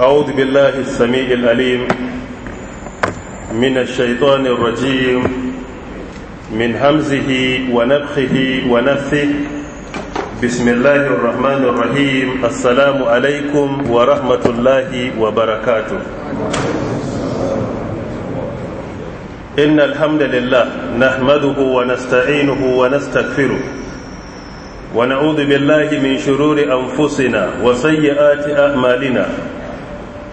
أعوذ بالله السميع العليم من الشيطان الرجيم من همزه ونفخه ونفثه بسم الله الرحمن الرحيم السلام عليكم ورحمة الله وبركاته إن الحمد لله نحمده ونستعينه ونستغفره ونعوذ بالله من شرور أنفسنا وسيئات أعمالنا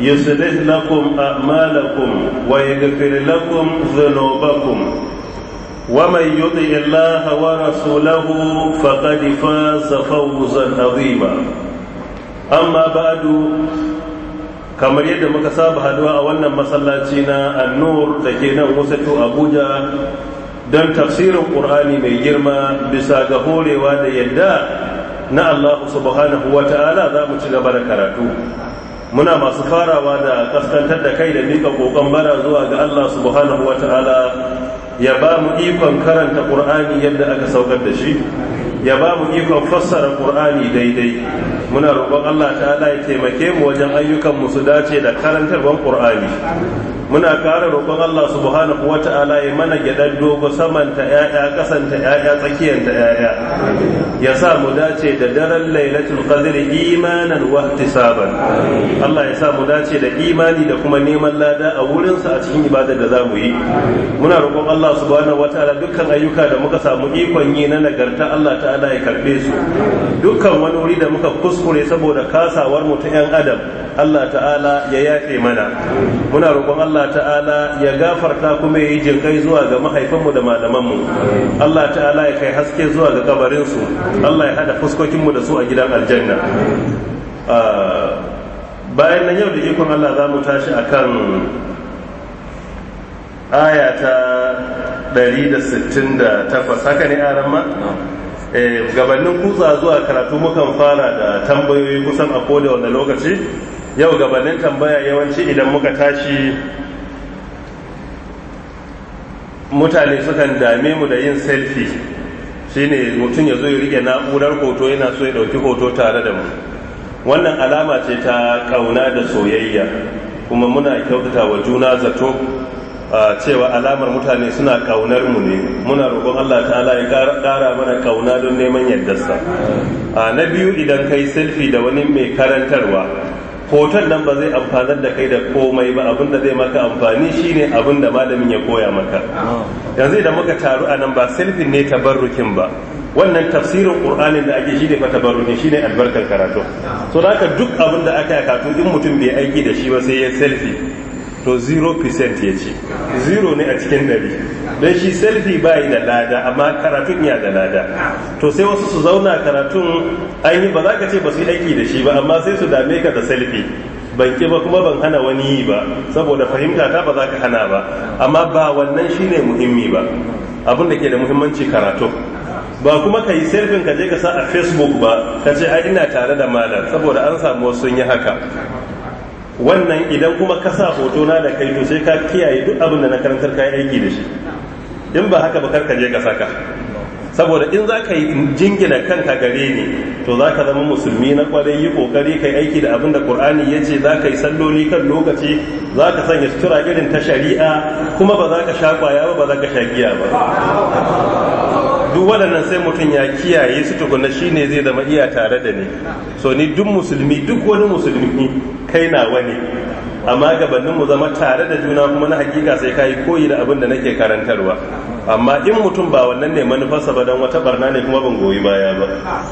يصلح لكم أعمالكم ويغفر لكم ذنوبكم ومن يطع الله ورسوله فقد فاز فوزا عظيما أما بعد kamar yadda muka saba haduwa a wannan masallaci na annur da ke nan wasatu abuja don tafsirin ƙur'ani mai girma bisa ga horewa da yadda na allahu subhanahu wa ta'ala za mu ci gaba da karatu muna masu farawa da kaskantar da kai da mika kokon bara zuwa ga Allah subhanahu wata'ala ya ba mu ikon karanta qur'ani yadda aka saukar da shi ya ba mu ikon fassara qur'ani daidai muna roƙon Allah ta'ala ya taimake mu wajen ayyukan mu su dace da karantar ban qur'ani muna kara roƙon Allah subhanahu wa ta'ala ya mana gyaɗar dogo saman ta ‘ya'ya kasanta ‘ya'ya ta ‘ya'ya ya sa mu dace da daren lailatul qadr imanan wa ihtisaban Allah ya sa mu dace da imani da kuma neman lada a wurinsa a cikin ibada da zamu yi muna roƙon Allah subhanahu wa ta'ala dukkan ayyuka da muka samu ikon yi na nagarta Allah ta'ala ya karbe su dukkan wani wuri da muka kuskure saboda kasawar mu ta ‘yan adam Allah ta'ala ya yafe mana muna roƙon Allah Allah ta'ala ya gafarta kuma ya yi jinkai zuwa ga mahaifanmu da malamanmu Allah ta'ala ya kai haske zuwa ga kabarinsu Allah ya hada fuskokinmu da su a gidan aljanna ah, bayan nan yau da ikon Allah za mu tashi a akan aya ta 168 haka ne aran ma? Eh, gabanin kutsa zuwa karatu mukan fara da tambayoyi kusan a koda wanda lokaci yau gabanin tambaya yawanci idan muka tashi mutane sukan dame mu da yin selfie shine mutum ya zo ya rike na'urar hoto yana so ya ɗauki hoto tare da mu wannan alama ce ta ƙauna da soyayya kuma muna kyautata wa juna zato cewa alamar mutane suna ƙaunar mu ne muna roƙon Allah ta'ala ya ƙara mana ƙauna don neman yardarsa na biyu idan kai selfie da wani mai karantarwa hoton nan ba zai amfanar da kai da komai ba abin da zai maka amfani shine abin da malamin ya koya maka yanzu idan muka taru a nan ba selfin ne tabarrukin ba wannan tafsirin qur'anin da ake shi ne fa tabarrukin shine albarkar karatu so da haka duk abin da aka karatu in mutum bai aiki da shi ba sai ya selfi to 0% ya ce zero ne a cikin dari don shi selfie ba yi da lada amma karatun ya da lada to sai wasu su zauna karatun an yi ba za ka ce ba su yi aiki da shi ba amma sai su dame ka da selfie ban ki ba kuma ban hana wani yi ba saboda fahimta ta ba za ka hana ba amma ba wannan shi ne muhimmi ba abin da ke da muhimmanci karatu ba kuma ka yi selfin ka je ka sa a facebook ba ka ce ai ina tare da malam saboda an samu sun yi haka wannan idan kuma ka sa hoto na da kai to sai ka kiyaye duk abin da na karantar ka yi aiki da shi in ba haka ba karka je ka saka saboda in za ka yi jingina kanka gare ni to za ka zama musulmi na kwarai yi kokari kai aiki da abin da qur'ani ya ce za ka yi salloli kan lokaci za ka sanya sutura irin ta shari'a kuma ba za ka sha kwaya ba ba za ka sha giya ba duk waɗannan sai mutum ya kiyaye su tukuna ne zai zama iya tare da ni so ni duk musulmi duk wani musulmi kai nawa ne amma gabanin mu zama tare da juna kuma na hakika sai ka yi koyi da abin da nake karantarwa amma in mutum ba wannan ne manufarsa ba don wata barna ne kuma ban goyi baya ba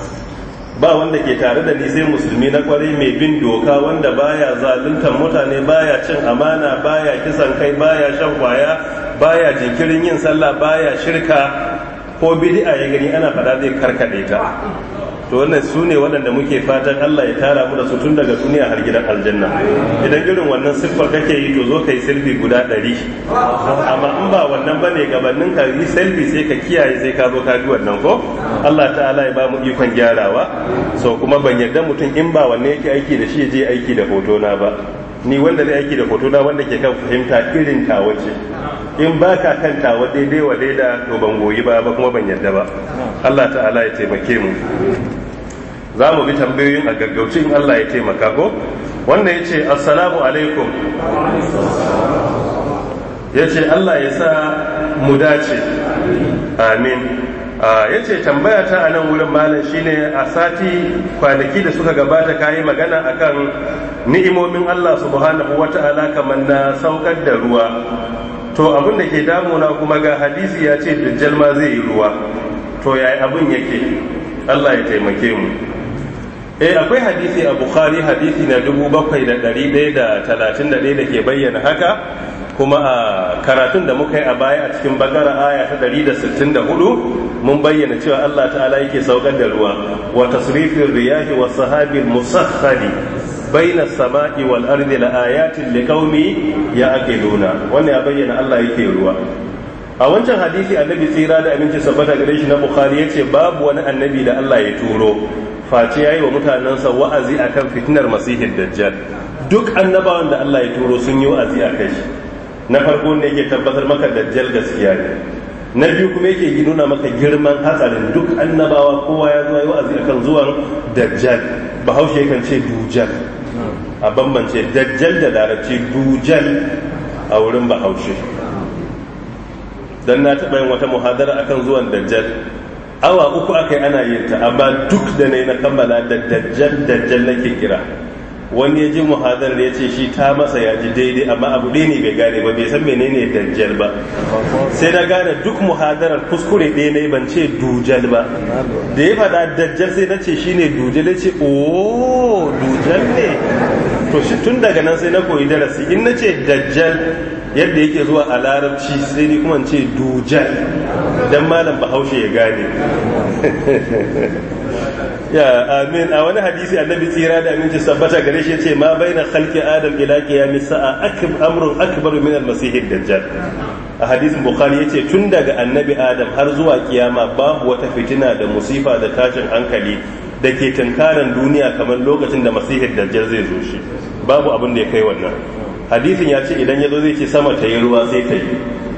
ba wanda ke tare da ni sai musulmi na kwarai mai bin doka wanda baya zaluntar mutane baya cin amana baya kisan kai baya shan kwaya baya jinkirin yin sallah baya shirka ko bid'a ya gani ana fada zai karkade ta to wannan su ne waɗanda muke fatan Allah ya tara mu da su tun daga duniya har gidan aljanna idan irin wannan siffar kake yi to zo kai selfie guda ɗari amma in ba wannan ba ne gabanin ka yi selfie sai ka kiyaye sai ka zo ka bi wannan ko Allah ta'ala ya ba mu ikon gyarawa so kuma ban yarda mutum in ba wanne yake aiki da shi je aiki da hoto na ba ni wanda zai aiki da hoto na wanda ke kan fahimta irin tawa in ba ka kan tawa daidai wa daida to ban goyi ba ba kuma ban yarda ba Allah ta'ala ya taimake mu za mu bi tambayoyin a gaggauci in Allah ya taimaka ko wanda ya ce assalamu alaikum ya ce Allah ya sa mu dace amin ya ce tambaya ta a nan wurin malam shine a sati kwanaki da suka gabata kayi magana akan ni'imomin Allah subhanahu wata'ala kamar na saukar da ruwa to abin da ke damuna kuma ga hadisi ya ce dajjal ma zai yi ruwa to yayi abin yake Allah ya taimake mu eh akwai hadisi a bukhari hadisi na 7131 da ke bayyana haka kuma a karatun da muka yi a baya a cikin bagara aya ta 164 mun bayyana cewa Allah ta'ala yake saukar da ruwa wa tasrifin riyahi wa sahabil musakhali baina sama'i wal ardi la ayatin ya ya'qiluna wannan ya bayyana Allah yake ruwa a wancan hadisi annabi tsira da aminci sabbata gare shi na bukhari yace babu wani annabi da Allah ya turo face ya yi wa mutanensa wa'azi akan fitinar masihin dajjal duk annabawan da Allah ya turo sun yi wa'azi a kai na farko ne yake tabbatar maka dajjal gaskiya ne na biyu kuma yake nuna maka girman hatsarin duk annabawa kowa ya zuwa yi wa'azi akan zuwan dajjal bahaushe kan ce Dujjal a bambance dajjal da larabci Dujjal a wurin bahaushe dan na taɓa yin wata muhadara akan zuwan dajjal awa uku aka yi ana yin ta amma duk da na na kammala da dajjal dajjal nake kira wani ya ji muhadar ya ce shi ta masa ya ji daidai amma abu ɗaya ne bai gane ba bai san menene dajjal ba sai na gane duk muhadarar kuskure ɗaya ne ban ce dujal ba da ya faɗa dajjal sai na ce shine dujal ya ce o oh, dujal ne to shi tun daga nan sai na koyi darasi in na ce dajjal yadda yake zuwa a larabci sai ni kuma ce dujal don malam bahaushe ya gane ya amin a wani hadisi annabi tsira da aminci sabbata gare shi ce ma bai na halki adam ila qiyam sa'a akbar akbar min al dajjal a hadisin bukhari ce tun daga annabi adam har zuwa kiyama babu wata fitina da musifa da tashin hankali da ke tunkaran duniya kamar lokacin da masih dajjal zai zo shi babu abin da ya kai wannan hadisin ya ce idan ya zo zai ce sama ta yi ruwa sai ta yi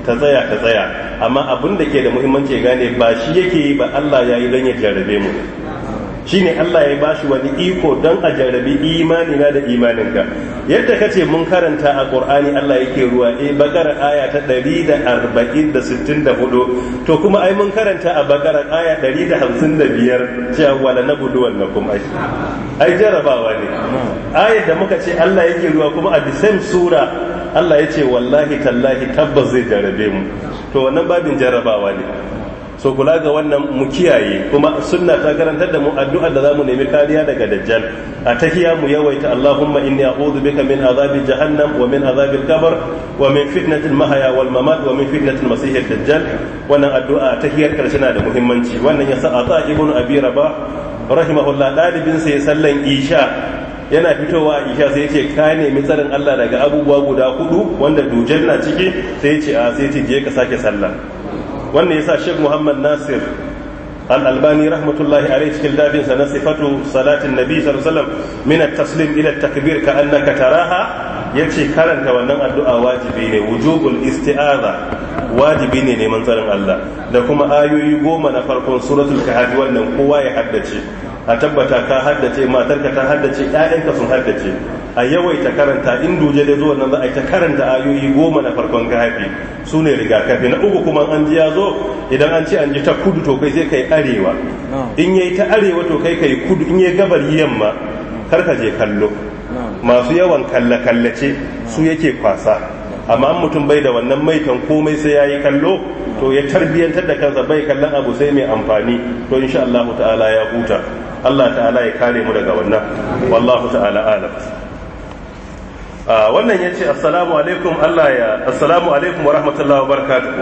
ta tsaya ta tsaya amma abin da ke da muhimmanci gane ba shi yake yi ba Allah ya yi don ya jarabe mu shine Allah ya bashi wani iko don a jarabi imanina da imaninka yadda kace mun karanta a Qur'ani Allah yake ruwa eh bakara aya ta 144 to kuma ai mun karanta a bakara aya 155 cewa wala nabudu na ai ai jarabawa ne ayar da muka ce Allah yake ruwa kuma a the same sura Allah ya ce wallahi tallahi tabbas zai jarabe mu to wannan babin jarabawa ne so kula ga wannan mu kiyaye kuma sunna ta karantar da mu addu'a da zamu nemi kariya daga dajjal a tahiya mu yawaita Allahumma inni a'udhu bika min azabi jahannam wa min azabi al-qabr wa min fitnati al-mahya wal mamat wa min fitnati al-masih ad-dajjal wannan addu'a tahiyar karshe na da muhimmanci wannan yasa ata ibn abi rabah rahimahullah dalibin sa ya sallan isha yana fitowa isha sai yace ka nemi tsarin Allah daga abubuwa guda hudu wanda dujen na ciki sai yace a sai yace je ka sake sallah wannan yasa Sheikh Muhammad Nasir al-Albani rahmatullahi alayhi cikin dabin sa na sifatu salatin Nabi sallallahu alaihi wasallam min at-taslim ila at-takbir ka annaka taraha yace karanta wannan addu'a wajibi ne wujubul isti'aza wajibi ne neman tsarin Allah da kuma ayoyi goma na farkon suratul kahf wannan kowa ya haddace a tabbata ka haddace matarka ta haddace ƴaƴanka sun haddace a yawaita karanta in duje da zuwa nan za a ta karanta ayoyi goma na farkon kafi su ne rigakafi na uku kuma an ji ya zo idan an ce an ji ta kudu to kai sai kai arewa in yayi ta arewa to kai kai kudu in yayi gabar yamma kar ka je kallo masu yawan kalla-kalla kallace su yake kwasa amma an mutum bai da wannan maitan komai sai yayi kallo to ya tarbiyantar da kansa bai kallon abu sai mai amfani to insha Allah ta'ala ya huta Allah ta'ala ya kare mu daga wannan wallahu ta'ala alam ah, wannan ya ce assalamu alaikum Allah ya assalamu alaikum wa rahmatullahi wa barakatuhu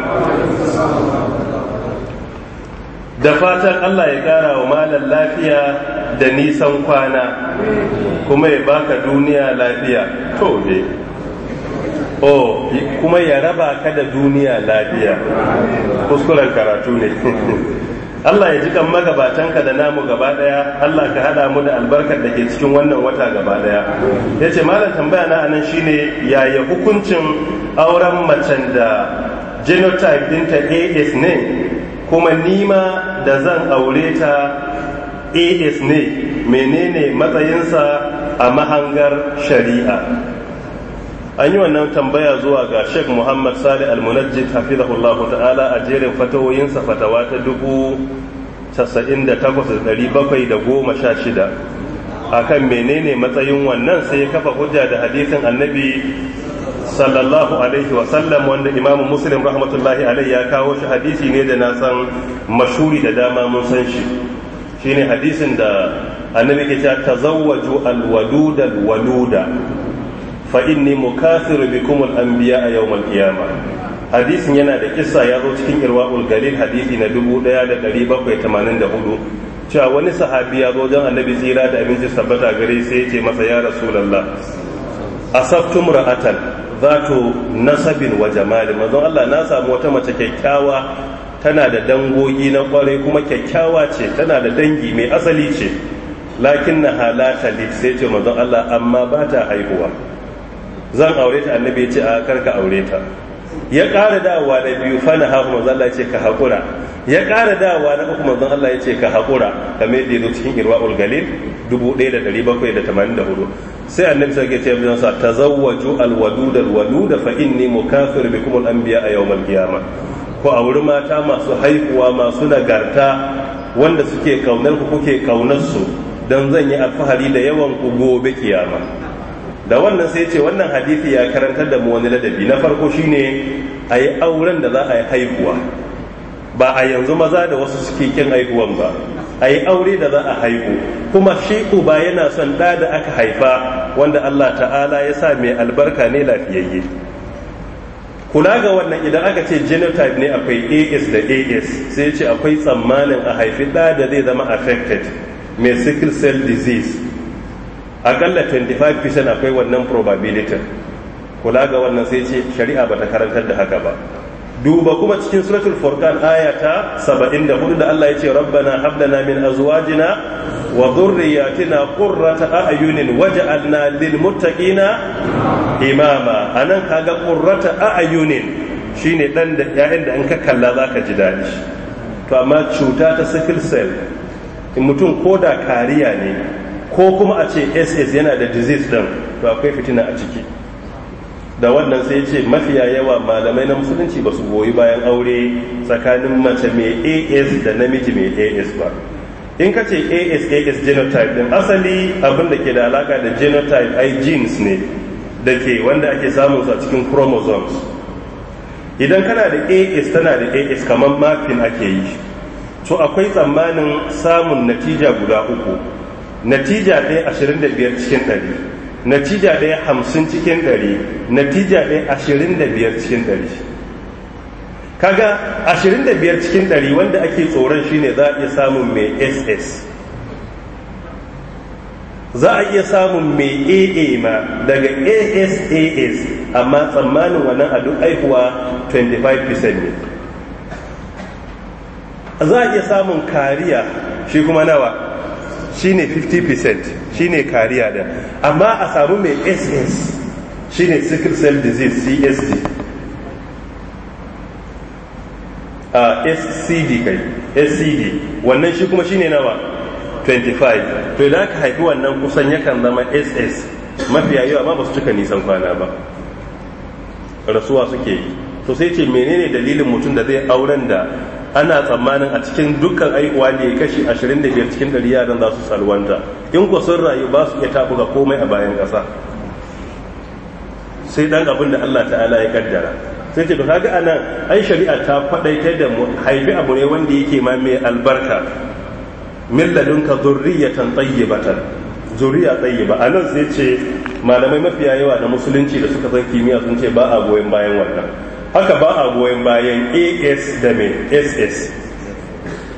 da fatan Allah ya kara wa malam lafiya da nisan kwana kuma ya baka duniya lafiya to dai oh kuma ya raba ka da duniya lafiya kuskuren karatu ne Allah ya ji kan magabatanka da namu gaba daya Allah ka hada mu da albarkar da ke cikin wannan wata gaba daya yace malam tambaya na anan shine yaya hukuncin auren macen da genotype dinta AS ne kuma nima da zan aure ta AS ne menene matsayinsa a mahangar shari'a an yi wannan tambaya zuwa ga sheikh muhammad sali al-munajjid hafizahullah ta'ala a jerin fatawoyinsa fatawa ta dubu a da menene matsayin wannan sai ya kafa hujja da hadisin annabi sallallahu alaihi wasallam wanda imam muslim rahmatullahi alaihi ya kawo shi hadisi ne da na san mashuri da dama mun san shi shine hadisin da annabi ke ta tazawwaju alwaluda alwaluda fa inni mukathiru bikum al-anbiya yawm al-qiyamah hadisin yana da kissa ya zo cikin irwaul galil hadisi na 1784 cewa wani sahabi ya zo don annabi tsira da abinci sabbata gare sai ya ce masa ya rasulullah asabtum ra'atan zato nasabin wa jamali manzon Allah na samu wata mace kyakkyawa tana da dangogi na kwarai kuma kyakkyawa ce tana da dangi mai asali ce lakin na halata sai ce manzon Allah amma ba ta haihuwa zan aure ta annabi ya ce a karka aure ta ya ƙara dawowa na biyu fana haku manzon Allah ya ce ka haƙura ya ƙara dawowa na uku manzon Allah ya ce ka haƙura kamar yadda ya zo cikin irwa'ul galil 1784 sai annabi sai ya ce bin sa tazawwaju alwadud mu fa inni mukafir bikum biya a yau qiyamah ko auri mata masu haihuwa masu nagarta wanda suke kaunar ku kuke kaunar su dan zan yi alfahari da yawan ku gobe kiyama da wannan sai ce wannan hadisi ya karantar da mu wani ladabi na farko shine a yi auren da za a yi haihuwa ba a yanzu maza da wasu suke kin haihuwan ba a yi aure da za a haihu kuma shi ba yana son ɗa da aka haifa wanda allah ta'ala ya sa mai albarka ne lafiyayye kula ga wannan idan aka ce genotype ne akwai as da as sai ce akwai tsammanin a haifi ɗa da zai zama affected mai sickle cell disease akalla 25% akwai wannan probability kula ga wannan sai ce shari'a bata karantar da haka ba duba kuma cikin suratul furqan ayata 74 da Allah ya ce rabbana hab lana min azwajina wa dhurriyyatina qurrata a'yunin waj'alna lil muttaqina imama anan kaga qurrata a'yunin shine dan da yayin da an ka kalla zaka ji dadi to amma cuta ta sickle cell in mutum koda kariya ne ko kuma a ce ss yana da disease din to akwai fitina a ciki da wannan sai ce mafiya yawa malamai na musulunci ba su goyi bayan aure tsakanin mace mai as da namiji mai as ba in ka ce as as genotype din asali abin da ke da alaka da genotype ai genes ne da ke wanda ake samun su a cikin chromosomes idan kana da as tana da as kamar mafin ake yi to akwai tsammanin samun natija guda uku natija ɗaya ashirin da biyar cikin ɗari natija ɗaya hamsin cikin ɗari natija ɗaya ashirin da biyar cikin ɗari kaga ashirin da biyar cikin ɗari wanda ake tsoron shine za a iya samun mai ss za a iya samun mai aa ma daga asas amma tsammanin wannan a duk aihuwa 25% ne za a iya samun kariya shi kuma nawa shine 50% shine kariya da amma a samu mai ss shine sickle cell disease csd a scd kai scd wannan shi kuma shine nawa 25 to idan ka haifi wannan kusan yakan zama ss mafi yawa ma ba su cika nisan kwana ba rasuwa suke yi to sai ce menene dalilin mutum da zai auren da ana tsammanin a cikin dukkan aihuwa ne kashi 25 cikin 100 yaran za su salwanta in ku sun rayu ba su iya tabuka komai a bayan kasa. sai dan abin da Allah ta'ala ya kaddara sai ce to kaga anan ai shari'a ta fadaita da mu haifi abu ne wanda yake ma mai albarka milladunka zurriyatan tayyibatan zuriya tayyiba anan sai ce malamai mafiya yawa na musulunci da suka san kimiyya sun ce ba a goyon bayan wannan haka ba a goyon bayan as da mai ss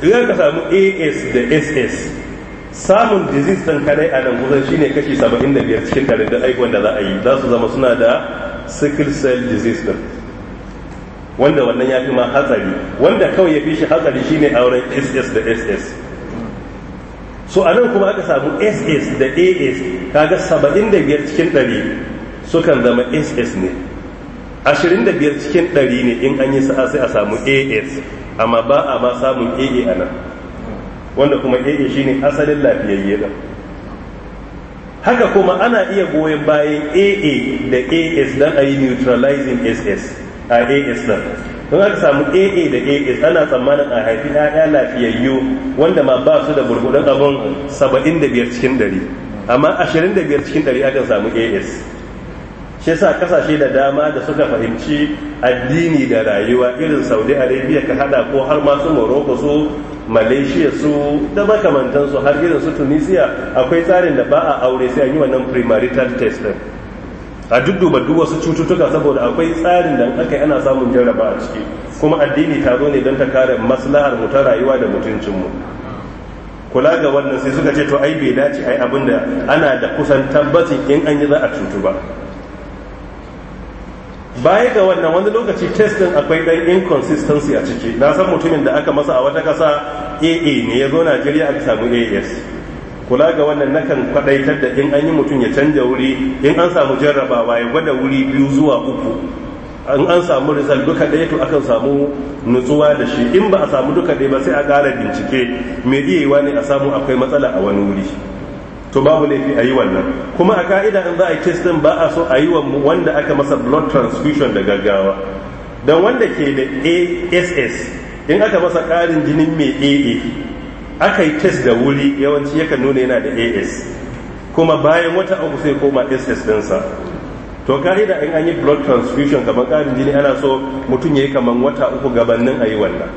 idan ka samu as da ss samun disease ɗin kadai a nan kusan shine kashi 75 cikin ɗari da aikin da za a yi za su zama suna da sickle cell disease ɗin wanda wannan ya fi ma hatsari wanda kawai ya fi shi hatsari shine auren ss da ss so a nan kuma aka samu ss da as kaga 75 cikin 100 sukan zama ss ne ashirin da biyar cikin 100 ne in an yi sa'a sai a samu as amma ba a ba samun aa a nan wanda kuma aa shine asalin lafiyayye ɗan haka kuma ana iya goyon bayan aa da as don a yi neutralizing ss a as ɗan don aka samu aa da as ana tsammanin a haifi ɗaya lafiyayyo wanda ma ba su da burbuɗin abin 75 cikin 100 amma 25 cikin 100 akan samu as shi yasa kasashe da dama da suka fahimci addini da rayuwa irin saudi arabia ka hada ko har masu su morocco su malaysia su da makamantansu har irin su tunisia akwai tsarin da ba a aure sai an yi wannan primarital test a duk duba duk wasu cututtuka saboda akwai tsarin da aka ana samun jarraba a ciki kuma addini ta zo ne don ta kare maslahar mu ta rayuwa da mutuncinmu kula ga wannan sai suka ce to ai bai dace ai abinda ana da kusan tabbacin in an yi za a cutu ba baya ga wannan wani lokaci test din akwai dan inconsistency a ciki na san mutumin da aka masa a wata kasa aa ne ya zo najeriya aka samu as kula ga wannan nakan kwadaitar da in an yi mutum ya canja wuri in an samu jarrabawa ya gwada wuri biyu zuwa uku an an samu result duka ɗaya to akan samu nutsuwa da shi in ba a samu duka ɗaya ba sai a ƙara bincike mai iya ne a samu akwai matsala a wani wuri to babu laifi a yi wannan kuma a ka'ida in za a kes din ba a so a yi wa wanda aka masa blood transfusion da gaggawa don wanda ke da ass in aka masa ƙarin jinin mai aa aka yi test da wuri yawanci yakan nuna yana da as kuma bayan wata uku sai koma ss dinsa to ka'ida in an yi blood transfusion kamar ƙarin jini ana so mutum ya yi kamar wata uku gabanin a yi wannan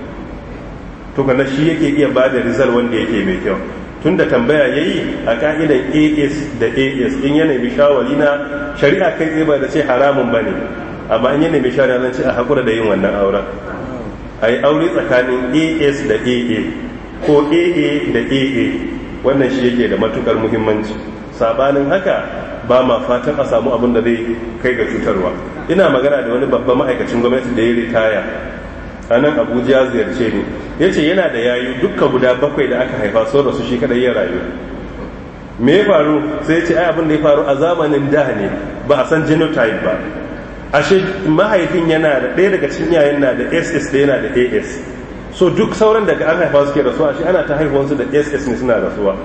to kana shi yake iya ba da result wanda yake mai kyau tun da tambaya ya yi a ka'idar as da as in ya nemi shawari na shari'a kai tsaye ba da ce haramun ba ne amma in ya nemi shawari na ce a haƙura da yin wannan auren a yi aure tsakanin as da aa ko aa da aa wannan shi yake da matukar muhimmanci sabanin haka ba ma fatan a samu abin da zai kai ga cutarwa ina magana da wani babban ma'aikacin gwamnati da ya ritaya anan abuja ziyarce ne ya ce yana da yayu dukka guda bakwai da aka haifa sun rasu shi kadai ya rayu me ya faru sai ce ai abin da ya faru a zamanin da ne ba a san genotype ba ashe mahaifin yana da ɗaya daga cikin yayin na da ss da yana da as so duk sauran daga an haifa suke rasuwa ashe ana ta su da ss ne suna rasuwa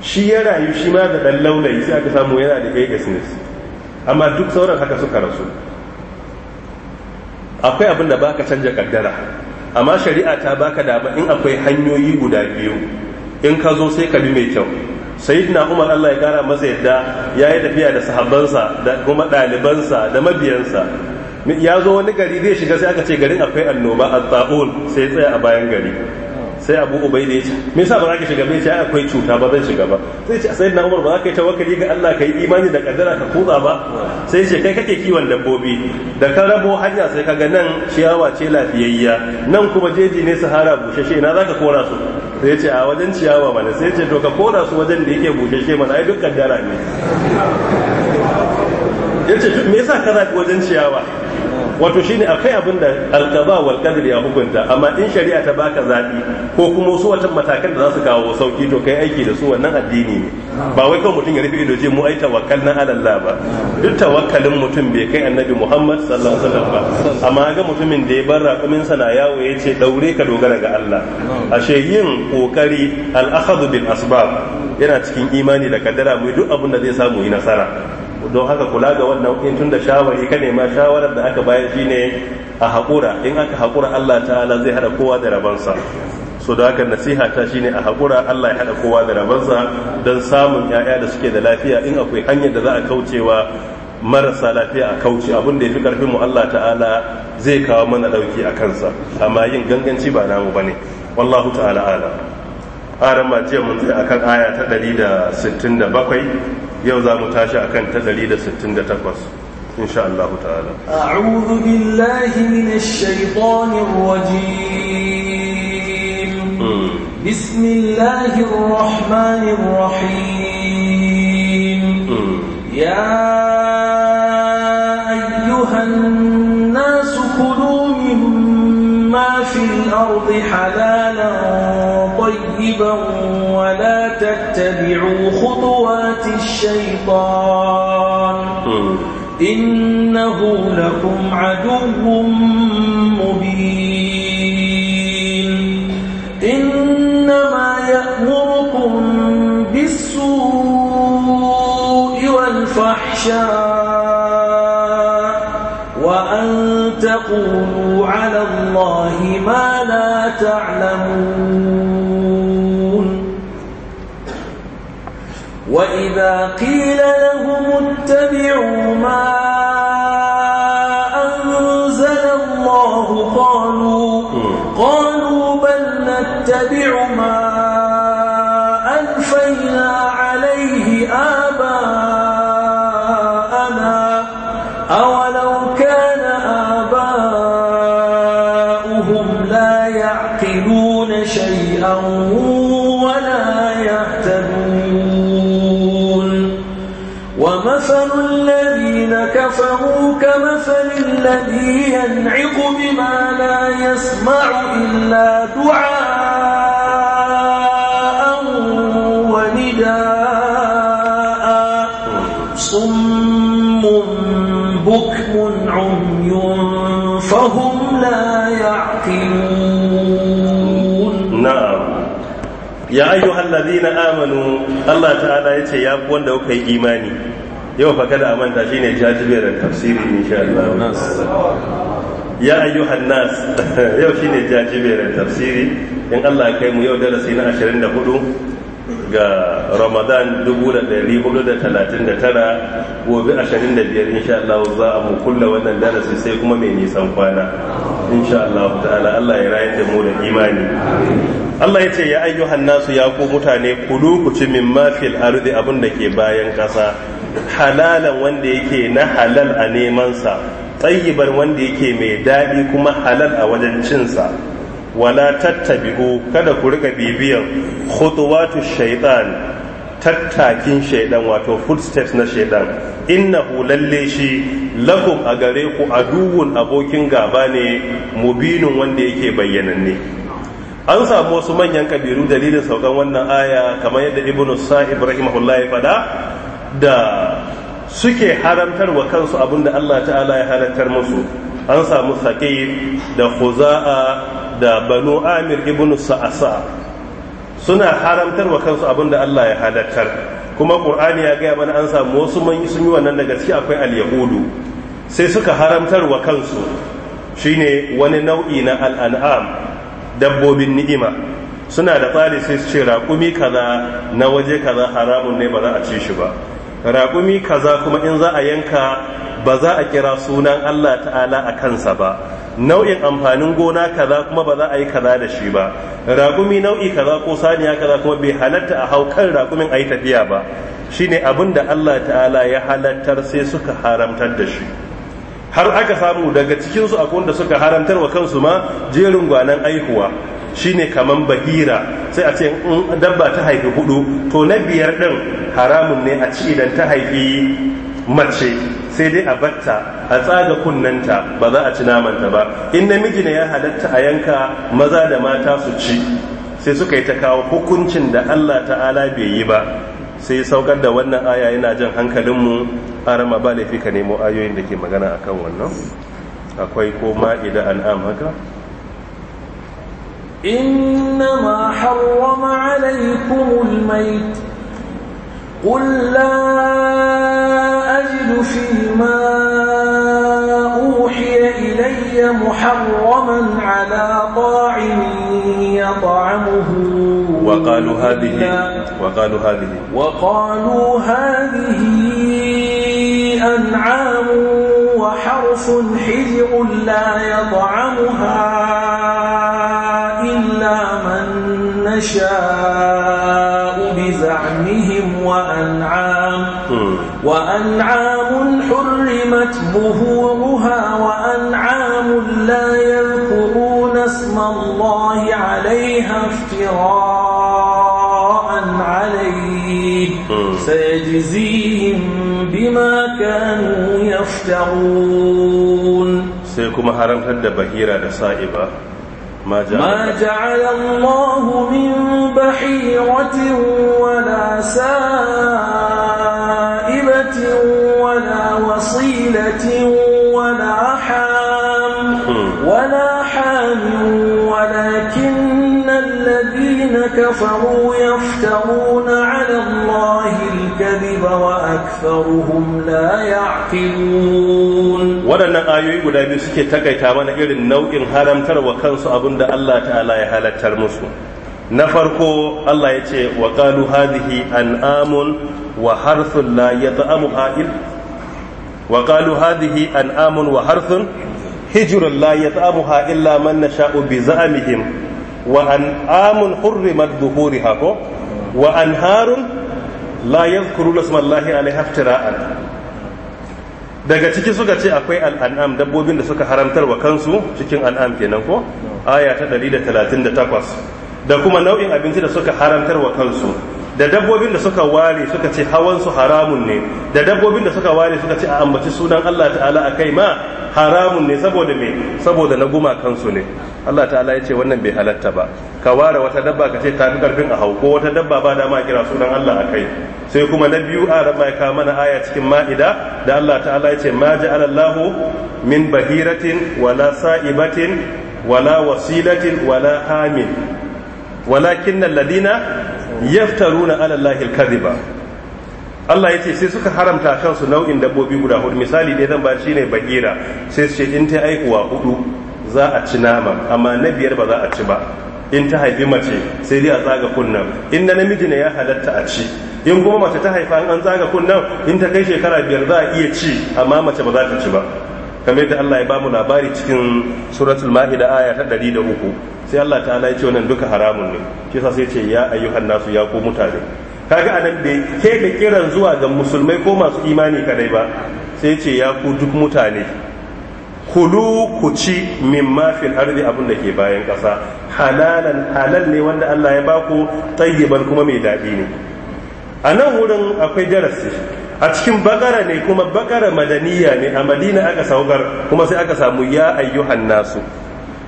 shi ya rayu shi ma da ɗan laulayi sai aka samu yana da as ne amma duk sauran haka suka rasu akwai abin da baka canja kaddara amma shari'a ta baka dama in akwai hanyoyi guda biyu in ka zo sai ka bi mai kyau sayyidina umar allah ya kara masa yadda ya yi tafiya da sahabbansa da kuma ɗalibansa da mabiyansa ya zo wani gari zai shiga sai aka ce garin akwai annoba a tsa'un sai tsaya a bayan gari sai abu ubaida ya ce me yasa ba za ka shiga bai ce akwai cuta ba zan shiga ba sai ce sai na umar ba za ka yi tawakkali ga Allah ka yi imani da kaddara ka kuza ba sai ce kai kake kiwon dabbobi da ka rabo hanya sai ka ga nan ciyawa ce lafiyayya nan kuma jeji ne sahara bushashe na za ka kora su sai ce a wajen ciyawa mana sai ce to ka kora su wajen da yake bushashe mana ai duk kaddara ne yace me yasa ka ka wajen ciyawa wato shine akai abin da alqaza wal qadar ya hukunta amma in shari'a ta baka zabi ko kuma su wata matakan da za su kawo sauki to kai aiki da su wannan addini ne ba wai kawai mutum ya rufe ido je mu ai tawakkal na Allah ba duk tawakkalin mutum bai kai annabi Muhammad sallallahu alaihi wasallam ba amma ga mutumin da ya bar raƙumin sa na yawo ya ce daure ka dogara ga Allah ashe yin kokari al-akhadhu bil asbab yana cikin imani da kaddara mu duk abin da zai samu yi nasara don haka kula ga wannan in tunda shawari ka nema shawarar da aka bayar shine a haƙura in aka haƙura Allah ta'ala zai hada kowa da rabansa so da haka nasiha ta shine a haƙura Allah ya hada kowa da rabansa don samun ƴaƴa da suke da lafiya in akwai hanyar da za a kaucewa marasa lafiya a kauce abin da ya fi karfin mu Allah ta'ala zai kawo mana ɗauki a kansa amma yin ganganci ba namu bane wallahu ta'ala ala jiya mun tsaya akan aya ta 167 يوزع متاشا كان تدليل ستين دتقص إن شاء الله تعالى أعوذ بالله من الشيطان الرجيم بسم الله الرحمن الرحيم يا أيها الناس كلوا مما في الأرض حلالا راغبا ولا تتبعوا خطوات الشيطان hmm. إنه لكم عدو مبين إنما يأمركم بالسوء والفحشاء وأن تقولوا على الله ما لا تعلمون وإذا قيل لهم اتبعوا ما أنزل الله قالوا قالوا بل نتبع ما ألفينا عليه آباءنا أولو كان كفروا كمثل الذي ينعق بما لا يسمع إلا دعاء ونداء صم بكم عمي فهم لا يعقلون نعم يا أيها الذين آمنوا الله تعالى يتيابون دوك إيماني yau fa kada a manta ne jajiberin tafsiri insha Allah ya ayyuhan hannas yau shi ne jajiberin tafsiri in Allah ya kai mu yau darasi na 24 ga Ramadan 1439 gobe 25 insha Allah za a mu kulla wannan darasi sai kuma mai nisan kwana insha Allah ta'ala Allah ya rayar da mu da imani Allah ya ce ya ayyuhan nasu ya ku mutane kulu ku ci mimma fil ardi abinda ke bayan kasa halalan wanda yake na halal a nemansa tsayibar wanda yake mai daɗi kuma halal a wajen cinsa wala tattabi'u kada ku riga bibiyan khutuwatu shaitan tattakin shaidan wato footsteps na shaidan innahu lalle shi lakum a gare ku aduwun abokin gaba ne mubinun wanda yake bayyananne an samu wasu manyan kabiru dalilin saukan wannan aya kamar yadda ibnu sa ibrahim ya fada da suke haramtar wa kansu abinda Allah ta'ala ya halartar musu an samu saƙi da khuza'a da banu amir ibn sa'asa suna haramtar wa kansu abinda Allah ya halartar kuma qur'ani ya gaya mana an samu wasu mun sun yi wannan da gaske akwai al-yahudu sai suka haramtar wa kansu shine wani nau'i na al-an'am dabbobin ni'ima suna da tsari sai su ce raƙumi kaza na waje kaza haramun ne ba za a ci shi ba raƙumi kaza kuma in za a yanka ba za a kira sunan Allah ta'ala a kansa ba nau'in amfanin gona kaza kuma ba za a yi kaza da shi ba raƙumi nau'i kaza ko saniya kaza kuma bai halatta a hau kan raƙumin a yi tafiya ba shine abin da Allah ta'ala ya halattar sai suka haramtar da shi har aka samu daga cikinsu akwai wanda suka haramtar wa kansu ma jerin gwanan aihuwa Shi ne kaman bahira sai a ce in dabba ta haifi hudu to na biyar din haramun ne a ci idan ta haifi mace sai dai a batta a tsaga kunnanta ba za a ci namanta ba in namiji ne ya halatta a yanka maza da mata su ci sai suka yi ta kawo hukuncin da Allah ta'ala bai yi ba sai saukar da wannan aya yana jan hankalinmu a rama ba laifi ka nemo ayoyin da ke magana akan wannan akwai ko ma'ida al'am haka إنما حرم عليكم الميت قل لا أجد فيما أوحي إلي محرما على طاعم يطعمه وقالوا هذه وقالوا هذه وقالوا هذه أنعام وحرف حجر لا يطعمها نشاء بزعمهم وأنعام وأنعام حرمت ظهورها وأنعام لا يذكرون اسم الله عليها افتراء عليه سيجزيهم بما كانوا يفترون سيكون هذا بهيرا لصائبة ما جعل, ما جعل الله من بحيرة ولا سائبة ولا وصيلة ولا حام ولا حام ولكن الذين كفروا يفترون على الله الكذب وأكثرهم لا يعقلون waɗannan ayoyi guda biyu suke takaita mana irin nau'in haramtarwa kansu abinda Allah ta'ala ya halattar musu na farko Allah ya ce wa qalu hadhihi an'amun wa harthun la yat'amuha wa qalu hadhihi an'amun wa harthun hijrun la yat'amuha illa man nasha'u bi za'mihim wa an'amun hurrimat dhuhuriha ko wa anharun la yadhkuruna smallahi a iftira'an daga ciki suka ce akwai al'an'am dabbobin da suka haramtar wa kansu cikin al'am kenan ko aya ta 138 da kuma nau'in abinci da suka haramtar wa kansu da dabbobin da suka ware suka ce hawan su haramun ne da dabbobin da suka ware suka ce a ambaci sunan Allah ta'ala a kai ma haramun ne saboda me saboda na guma kansu ne Allah ta'ala ya ce wannan bai halatta ba ka ware wata dabba ka ce ta fi karfin a hau ko wata dabba ba dama kira sunan Allah a kai sai kuma na biyu a rama ya kawo mana aya cikin ma'ida da Allah ta'ala ya ce ma ja'ala Allahu min bahiratin wala sa'ibatin wala wasilatin wala hamin walakin alladina yaftaruna ala Allahi al-kadhiba Allah ya ce sai suka haramta kansu nau'in dabbobi guda hudu misali dai zan ba shi ne bagira sai su in ta aikuwa hudu za a ci nama amma na biyar ba za a ci ba in ta haifi mace sai dai a tsaga kunnan in na namiji ne ya halatta a ci in kuma mace ta haifa an tsaga kunnan in ta kai shekara biyar za a iya ci amma mace ba za ta ci ba kamar da Allah ya bamu labari cikin suratul ma'ida aya ta 103 sai Allah ta'ala ya ce wannan duka haramun ne shi yasa sai ce ya ayyuhan nasu ya ku mutane kaga anan da ke da kiran zuwa ga musulmai ko masu imani kadai ba sai ce ya ku duk mutane kulu ku ci mimma fil ardi abun da ke bayan kasa halalan halal ne wanda Allah ya ba baku tayyiban kuma mai daɗi ne anan wurin akwai darasi a cikin bakara ne kuma bakara madaniya ne a madina aka saukar kuma sai aka samu ya ayyuhan nasu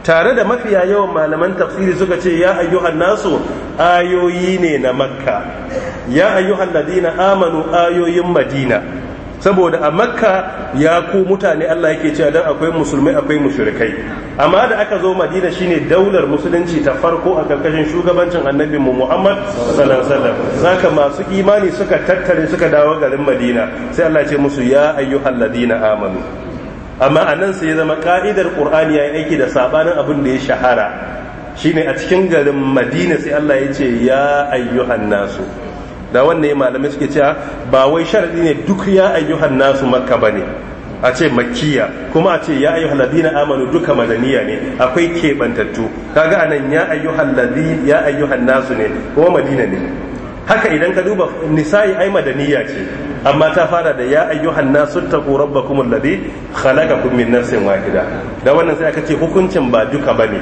tare da mafiya yawan malaman tafsiri suka ce ya ayyuhan nasu ayoyi ne na makka ya ayyuhan ladina amanu ayoyin madina saboda a makka ya ku mutane Allah yake cewa dan akwai musulmai akwai mushrikai amma da aka zo madina shine daular musulunci ta farko a karkashin shugabancin annabi mu Muhammad sallallahu alaihi wasallam masu imani suka tattare suka dawo garin madina sai Allah ya ce musu ya ayyuhal ladina amanu amma anan sai ya zama ka'idar qur'ani yi aiki da sabanin abin da ya shahara shine a cikin garin madina sai Allah ya ce ya ayyuhan nasu da wannan malamai suke cewa ba wai sharadi ne duk ya ayyuhan nasu makka bane a ce makiya kuma a ce ya ayyuhan ladina amanu duka madaniya ne akwai kebantattu kaga anan ya ayyuhan ladi ya ayyuhan nasu ne kuma madina ne haka idan ka duba nisa'i ai madaniya ce amma ta fara da ya ayyuhan nasu taqu rabbakum alladhi khalaqakum min nafsin wahida da wannan sai aka ce hukuncin ba duka bane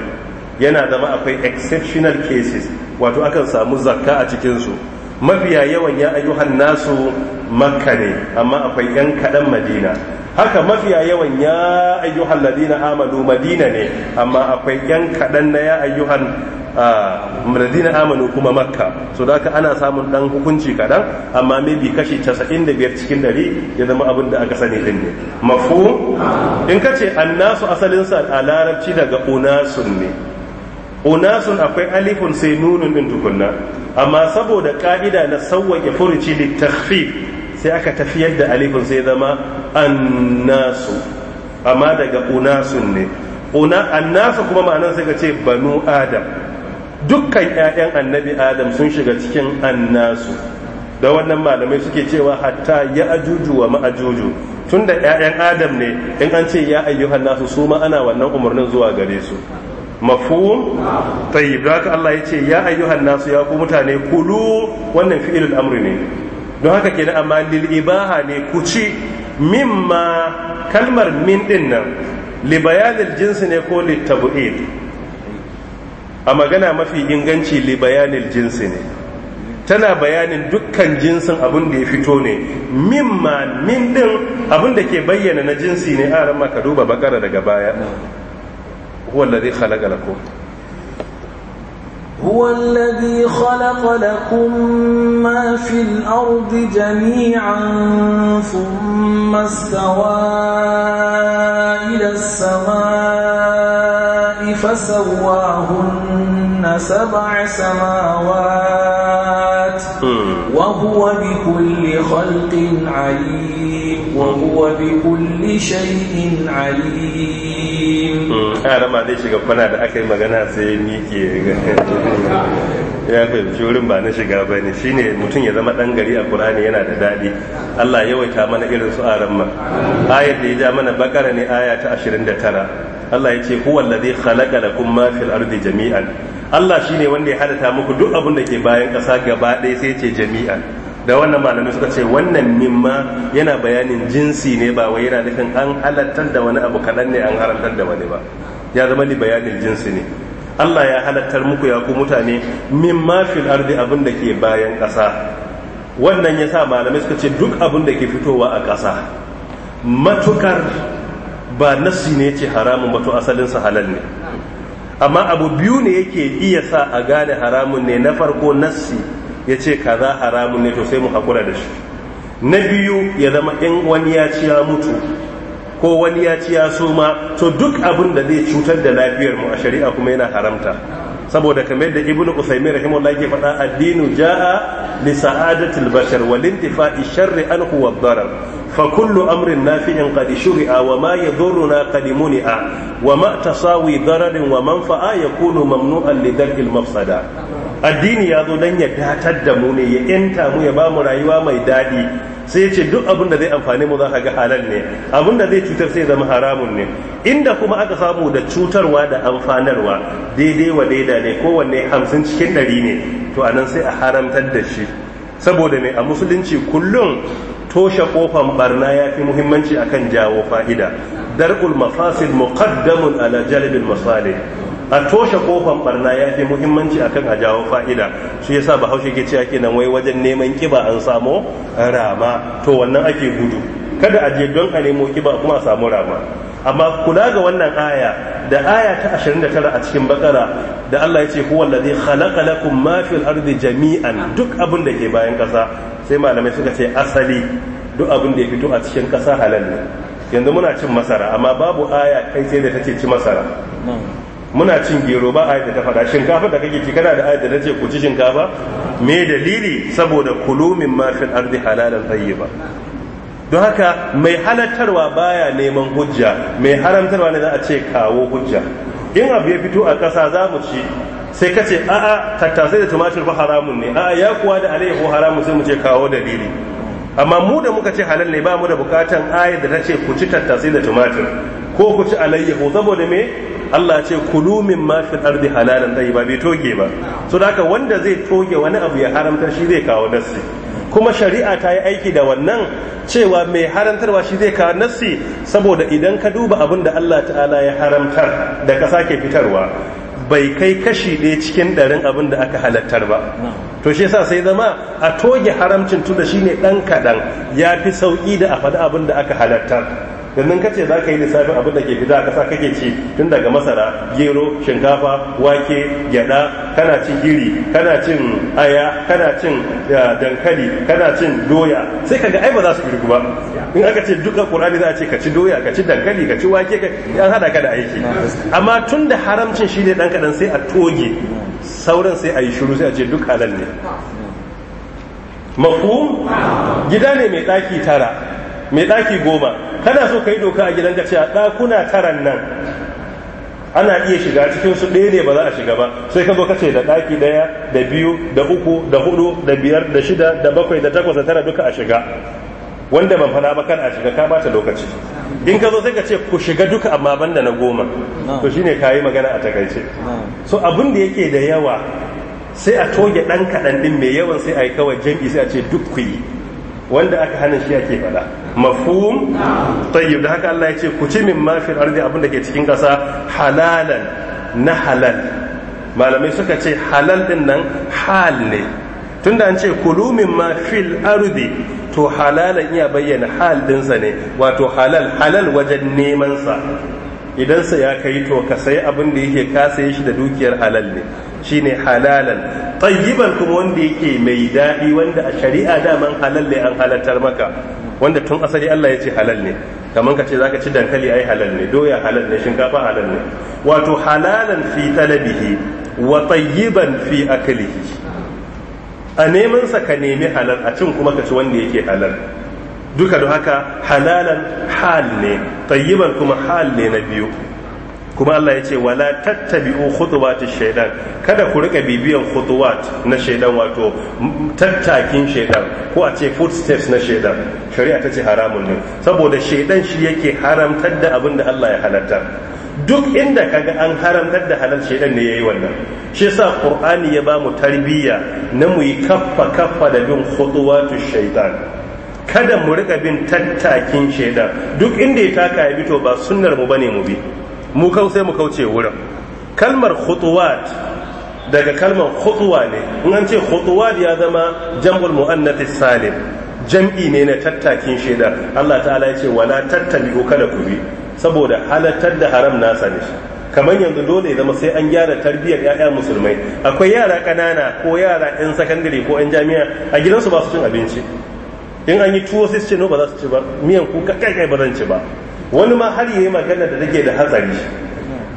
yana zama akwai exceptional cases wato akan samu zakka a cikin su mafiya yawan ya ayyuhan nasu makka ne amma akwai yan kaɗan madina haka mafiya yawan ya ayyuhan ladina amanu madina ne amma akwai yan kaɗan na ya ayyuhan ladina amanu kuma makka so da haka ana samun ɗan hukunci kaɗan amma maybe kashi 95 cikin dari ya zama abin da aka sani din ne mafu in ka ce annasu asalinsa a larabci daga unasun ne unasun akwai alifun sai nunun din tukunna amma saboda ka'ida na sauwake furuci littafi sai aka tafiyar da alifun sai zama annasu amma daga unasun ne una annasu kuma ma'anar sai ka ce banu adam dukkan 'ya'yan annabi adam sun shiga cikin annasu da wannan malamai suke cewa hatta ya ajuju wa ma'ajuju tun da 'ya'yan adam ne in an ce ya ayyuhan nasu su ma ana wannan umarnin zuwa gare su mafhum tayyib haka Allah ya ce ya ayyuhan nasu ya ku mutane kulu wannan fi'ilul amri ne don haka kenan amma lil ibaha ne ku ci mimma kalmar min din nan li bayanil jinsi ne ko li tabu'id a magana mafi inganci li bayanil jinsi ne tana bayanin dukkan jinsin abin da ya fito ne mimma min din abin da ke bayyana na jinsi ne a ran ka duba bakara daga baya هو الذي خلق لكم هو الذي خلق لكم ما في الأرض جميعا ثم استوى إلى السماء فسواهن سبع سماوات وهو بكل خلق عليم وهو بكل شيء عليم a rama dai shiga kwana da aka yi magana sai miƙe ya fahimci wurin ba na shiga ba ne shi mutum ya zama ɗan gari a ƙur'ani yana da daɗi allah yawaita mana irin su aran ma ayar da ya ja mana bakara ne aya ta ashirin da tara. allah ya ce huwa ladhi khalaqa lakum ma fil ardi jami'an allah shine wanda ya halatta muku duk abin da ke bayan kasa gaba ɗaya sai ce jami'an da wannan malamai suka ce wannan mimma yana bayanin jinsi ne ba wai yana nufin an halattar da wani abu kaɗan ne an haramtar da wani ba ya zama ni bayanin jinsi ne Allah ya halattar muku ya ku mutane mimma fil ardi abin da ke bayan ƙasa wannan ya sa malamai suka ce duk abin da ke fitowa a ƙasa matukar ba nasi ne ce haramun ba to asalin asalinsa halal ne amma abu biyu ne yake iya sa a gane haramun ne na farko nassi ya ce kaza haramun ne to sai mu hakura da shi na biyu ya zama in wani ya ci ya mutu ko wani ya ci ya soma to duk abin da zai cutar da lafiyar mu a shari'a kuma yana haramta saboda kamar da ibnu usaymin rahimahullah ke faɗa addinu jaa li sa'adatil bashar wal intifa'i sharri anhu wad darar fa kullu amrin nafi'in qad shuri'a wa ma yadhurruna qad muni'a wa ma tasawi dararin wa manfa'a yakunu mamnu'an li dar'il mafsada addini ya zo don ya datar da mu ne ya yanta mu ya ba mu rayuwa mai daɗi sai ce duk abin da zai amfani mu za ka ga halal ne abin da zai cutar sai zama haramun ne inda kuma aka samu da cutarwa da amfanarwa daidai wa daida ne kowanne hamsin cikin ɗari ne to anan sai a haramtar da shi saboda mai a musulunci kullum toshe kofan barna ya fi muhimmanci akan jawo fa'ida dar'ul mafasil muqaddamun ala jalibin masalih a toshe kofan barna ya fi muhimmanci akan a jawo fa'ida shi yasa bahaushe ke cewa kenan wai wajen neman kiba an samo rama to wannan ake gudu kada a je don a nemo kiba kuma a samu rama amma kula ga wannan aya da aya ta 29 a cikin bakara da Allah ya ce huwa allazi khalaqa lakum ma fil ardi jami'an duk abin da ke bayan kasa sai malamai suka ce asali duk abin da ya fito a cikin kasa halal ne yanzu muna cin masara amma babu aya kai sai da ta ce ci masara muna cin gero ba a da ta faɗa shinkafa da kake ci kana da ayat da ce ku ci shinkafa me dalili saboda kulu min ma fil ardi halalan tayyiba don haka mai halattarwa baya neman hujja mai haramtarwa ne za a ce kawo hujja in abu ya fito a ƙasa za mu ci sai ka ce a'a tattasai da tumatir ba haramun ne a'a ya kuwa da alaihu haramun sai mu ce kawo dalili amma mu da muka ce halal ne ba mu da bukatan ayar da ta ce ku ci tattasai da tumatir ko ku ci alayyahu saboda me Allah ce kulu min ma fil ardi halalan ba bai toge ba so haka wanda zai toge wani abu ya haramta shi zai kawo nassi kuma shari'a ta yi aiki da wannan cewa mai haramtarwa shi zai kawo nassi saboda idan ka duba abin da Allah ta'ala ya haramtar da ka sake fitarwa bai kai kashi ɗaya cikin ɗarin abin da aka halattar ba to shi yasa sai zama a toge haramcin tunda shine ɗan kaɗan ya fi sauƙi da a faɗi abin da aka halattar yanzu ka ce za ka yi lissafin abin da ke fita a kasa kake ci tun daga masara gero shinkafa wake gyada kana cin iri kana cin aya kana cin eh, dankali kana cin doya sai ka ga ai ba za su girgu ba in aka ce duka qur'ani za a ce ka ci doya ka ci dankali ka ci wake ka an hada ka da aiki amma tun da haramcin shi ne dan kadan sai a toge sauran sai a yi shiru sai a ce duk halal ne mafhum gida ne mai daki tara mai ɗaki goma kana so ka yi doka a gidanka cewa ɗakuna taran nan ana iya shiga cikin su ɗaya ne ba za a shiga ba sai ka zo ka ce da ɗaki ɗaya da biyu da uku da hudu da biyar da shida da bakwai da takwas da tara duka a shiga wanda ban fana ba kana shiga ka bata lokaci in ka zo sai ka ce ku shiga duka amma banda na goma to shine ka yi magana a takaice so abin da yake da yawa sai a toge ɗan kaɗan ɗin mai yawan sai a yi kawai jam'i sai a ce duk ku yi wanda aka hana shi ake fada mafhum tayyib da haka Allah ya ce ku ci min ma fil ardi abin da ke cikin kasa halalan na halal malamai suka ce halal din nan hal ne tunda an ce kulu min ma fil ardi to halalan iya bayyana hal sa ne wato halal halal wajen neman sa idan sa ya kai to ka sai abin da yake ka saye shi da dukiyar halal ne Shi ne halalan tayyiban kuma wanda yake mai daɗi wanda a shari'a daman halal ne an halattar maka wanda tun asali Allah ya ce halal ne kamar ka ce zaka ci dankali ai halal ne doya halal ne shinkafa halal ne wato halalan fi talabihi wa tayyiban fi akalihi a neman sa ka nemi halal a cin kuma ka ci wanda yake halal duka da haka halalan hal ne tayyiban kuma hal ne na biyu kuma Allah ya ce wala tattabi'u khutuwati shaidan kada ku rika bibiyan khutuwat na shaidan wato tattakin shaidan ko a ce footsteps na shaidan shari'a ta ce haramun ne saboda shaidan shi yake haramtar da abin da Allah ya halatta duk inda kaga an haramtar da halal shaidan ne yayi wannan shi yasa qur'ani ya ba mu tarbiyya na mu yi kaffa kaffa da bin khutuwatush shaidan kada mu rika bin tattakin shaidan duk inda ya taka ya to ba sunnar mu bane mu bi mu kau sai mu kauce wurin kalmar khutuwat daga kalmar khutuwa ne in an ce khutuwat ya zama jam'ul muannath salim jam'i ne na tattakin shaida Allah ta'ala ya ce wala tattabi'u kada ku saboda halatar da haram nasa ne kamar yanzu dole zama sai an gyara tarbiyyar ya'ya musulmai akwai yara kanana ko yara 'yan sakandare ko 'yan jami'a a gidansu ba su cin abinci in an yi tuwo sai su ce no ba za su ci ba miyan kuka kai kai ba zan ci ba wani ma har yi magana da take da hatsari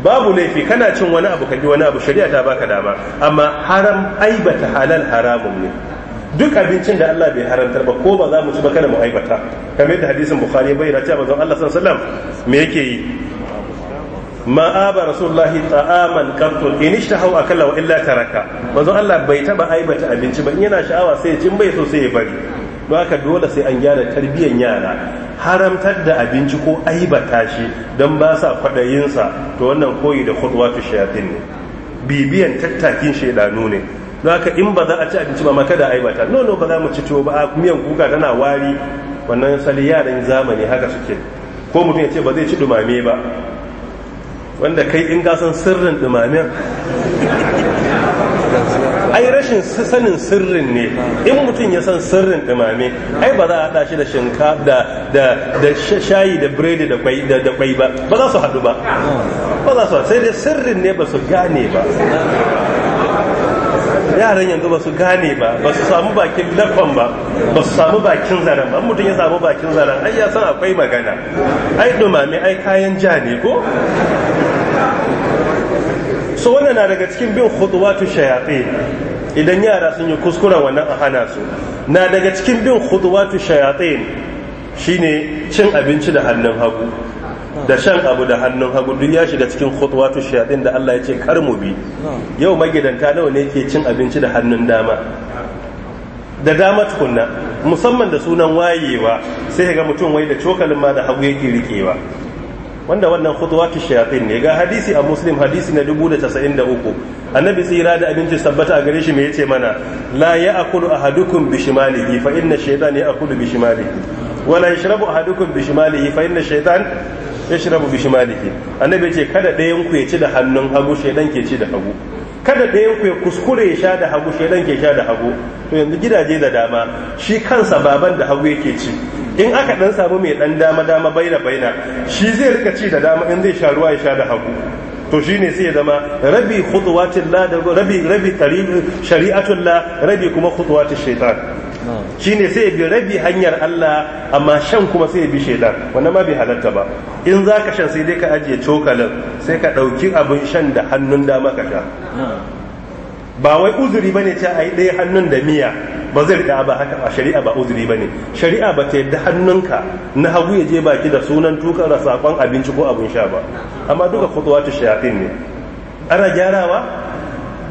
babu laifi kana cin wani abu kaji wani abu shari'a ta baka dama amma haram aibata halal haramun ne duk abincin da Allah bai haramtar ba ko ba za mu ci ba kada mu aibata kamar da hadisin bukhari ya bayyana cewa manzon Allah sallallahu alaihi wasallam me yake yi ma aba rasulullahi ta'aman qattu in ishtahu akalla wa illa taraka manzon Allah bai taba aibata abinci ba in yana sha'awa sai ya cin bai so sai ya bari don haka dole sai an gyara tarbiyyar yara haramtar da abinci ko aibata shi don ba sa kwaɗayinsa to wannan koyi da khudwatu shayatin ne bibiyan tattakin shaidanu ne don haka in ba za a ci abinci ba maka da aibata no no ba za mu ci tuwo ba miyan kuka tana wari wannan sali yaran zamani haka suke ko mutum ya ce ba zai ci dumame ba wanda kai in ka san sirrin dumamen ai rashin sanin sirrin ne in mutum ya san sirrin ɗumame, ai ba za a haɗa shi da shinka da da da shayi da biredi da kwai da kwai ba ba za su haɗu ba ba za su sai dai sirrin ne ba su gane ba yaran yanzu ba su gane ba ba su samu bakin lafan ba ba su samu bakin zaren ba mutum ya samu bakin zaren ai ya san akwai magana ai ɗumame ai kayan ja ne ko so wannan na daga cikin bin khutuwatu shayati idan yara sun yi kuskuren wannan a hana su na daga cikin bin khutuwatu shayatin shine cin abinci da hannun hagu da shan abu da hannun hagu duk ya shiga cikin khutuwatu shayati da Allah ya ce kar mu bi yau magidanta nawa ne ke cin abinci da hannun dama da dama tukunna musamman da sunan wayewa sai ga mutum wai da cokalin ma da hagu yake rikewa wanda wannan khutuwatu shayatin ne ga hadisi a muslim hadisi na 1093 annabi tsira da abinci sabbata a gare shi me yace mana la ya'kulu ahadukum bi shimalihi fa inna shaytana ya'kulu bi shimalihi wa la yashrabu ahadukum bi shimalihi fa inna shaytan yashrabu bi shimalihi annabi yace kada dayan ku ya ci da hannun hagu shaydan ke ci da hagu kada ɗayan ku ya kuskure ya sha da hagu shaydan ke sha da hagu to yanzu gidaje da dama shi kansa baban da hagu yake ci in aka dan samu mai dan dama dama baina baina shi zai rika ci da dama in zai sha ruwa ya sha da hagu to shine sai ya zama rabi khudwatin la da rabi rabi shari'atun la rabi kuma khudwatin shaitan shine sai bi rabi hanyar Allah amma shan kuma sai bi shaitan wannan ma bai halatta ba in zaka shan sai dai ka ajiye cokalin sai ka ɗauki abin shan da hannun dama ka sha ba wai uzuri bane ce ai ɗaya hannun da miya ba zai riga ba haka a shari'a ba uzuri ba ne shari'a ba ta yadda hannunka na hagu ya je baki da sunan tukar da sakon abinci ko abin sha ba amma duka kutuwa ta shayafin ne ana gyarawa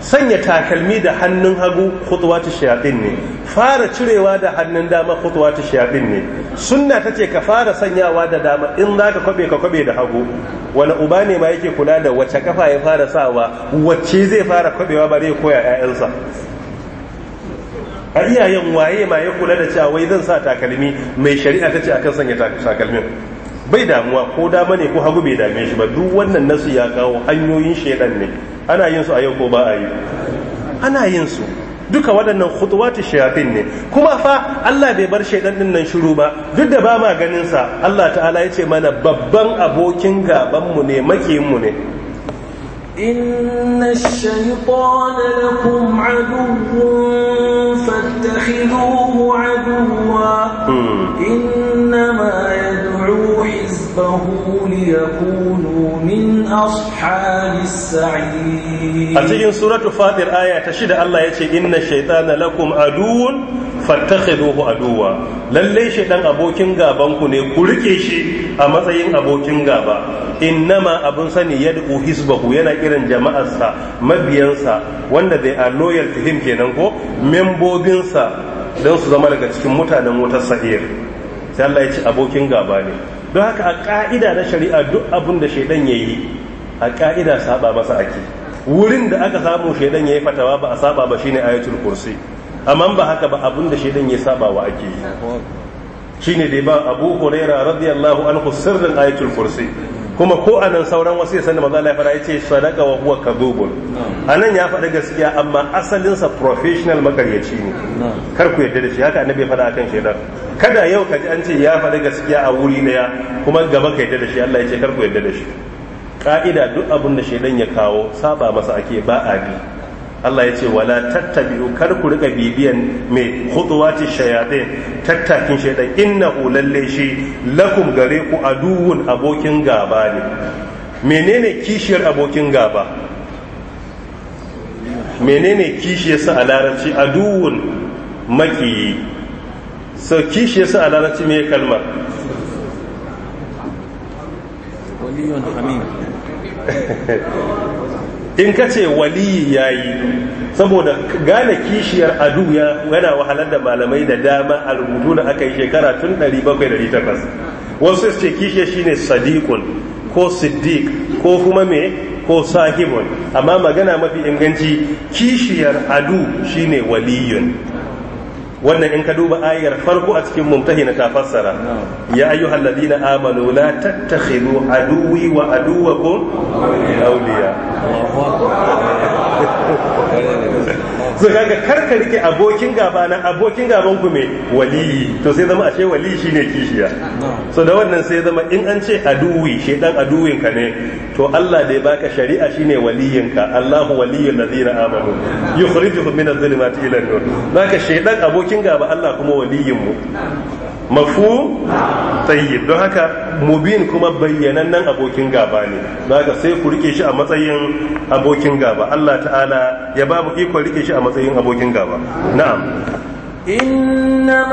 sanya takalmi da hannun hagu kutuwa ta shayafin ne fara cirewa da hannun dama kutuwa ta shayafin ne sunna ta ce ka fara sanyawa da dama in za ka kwabe ka kwabe da hagu wani uba ne ma yake kula da wacce kafa ya fara sawa wacce zai fara kwabewa zai koya 'ya'yansa a iyayen waye ma ya kula da cewa wai zan sa takalmi mai shari'a ta ce akan sanya takalmin bai damuwa ko dama ne ko hagu bai dame shi ba duk wannan nasu ya kawo hanyoyin shaidan ne ana yin su a yau ko ba a yi ana yin su duka waɗannan ta shafin ne kuma fa Allah bai bar shaidan ɗin nan shiru ba duk da ba ma ganin sa Allah ta'ala ya ce mana babban abokin gaban mu ne makiyin mu ne إن الشيطان لكم عدو فاتخذوه عدوا إنما يدعو حزبه a cikin suratu fadir aya ta shida Allah ya ce inna shaitana lakum aduwun fattakhe dohu aduwa lallai shaitan abokin gabanku ne ku rike shi a matsayin abokin gaba ma abin sani ya duku hisbahu yana irin jama'arsa mabiyansa wanda zai are loyal to him kenan ko membobinsa don su zama daga cikin mutanen wutar sahir sai Allah ya ce abokin gaba ne don haka a ƙa'ida na shari'a duk abin da shaidan ya yi a ƙa'ida saba masa ake wurin da aka samu shaidan ya yi fatawa ba a saba ba shine ayatul kursi amma ba haka ba abin da shaidan ya saba wa ake yi shine dai ba abu huraira radiyallahu anhu sirrin ayatul kursi kuma ko a nan sauran wasu ya sani maza Allah ya fara ya ce sadaka wa huwa Kadubun a nan ya faɗi gaskiya amma asalinsa professional makaryaci ne kar ku yarda da shi haka annabi ya faɗa akan shaidar kada yau ka ji an ce ya faɗi gaskiya a wuri daya kuma gaba ka yarda da shi Allah ya ce kar ku yarda da shi ka'ida duk abin da shaidan ya kawo saba masa ake ba a bi Allah ya ce wala tattabi'u kar ku riƙa bibiyan mai khutuwati shayatin tattakin shaytan innahu lalle shi lakum gare ku aduwun abokin gaba ne menene kishiyar abokin gaba menene kishiyar sa a larabci aduwun maki so kishiyar sa a larabci me kalma waliyun amin in ka ce waliyi ya yi saboda gane kishiyar adu yana wahalar da malamai da dama a rubutu da aka yi shekara tun 700 wasu ce kishiyar shine Sadikun ko siddiq ko kuma me ko sahibun amma magana mafi inganci kishiyar adu shine waliyun wannan in ka duba ayar farko a cikin na ta fassara ya ayyuhal na amanu la tattakhidhu aduwi wa ko awliya so kaga karka rike abokin gaba na abokin gaban ku me waliyi to sai zama a ce wali shine kishiya so da wannan sai zama in an ce aduwi dan aduwin ka ne to Allah da ya baka shari'a shine waliyin ka Allahu waliyul ladina amanu yukhrijuhum min adh-dhulumati ila an-nur baka shedan abokin gaba Allah kuma waliyin mu mafu tayyib don haka mubin kuma nan abokin gaba ne don haka sai ku rike shi a matsayin abokin gaba Allah ta'ala ya babu iko rike shi a matsayin abokin gaba na'am inna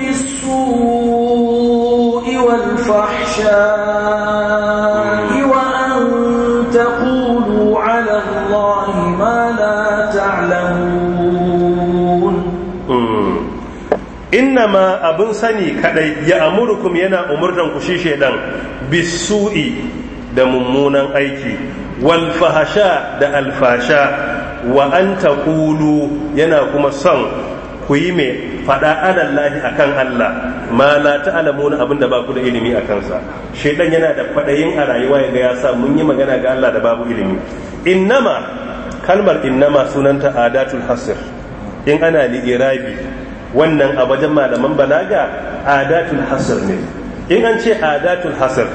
bis-su'i wal-fahsha' innama abin sani kadai ya amurkum yana umurtan ku shi shedan bisu'i da mummunan aiki wal fahasha da alfasha wa an taqulu yana kuma son ku yi mai faɗa alallahi akan Allah ma la ta'lamuna abin da ba ku da ilimi a kansa shedan yana da fadayin a rayuwa yaga ya sa mun yi magana ga Allah da babu ilimi innama kalmar innama sunanta adatul hasr in ana li'irabi wannan a wajen malaman balaga adatul hasr ne in an ce adatul hasr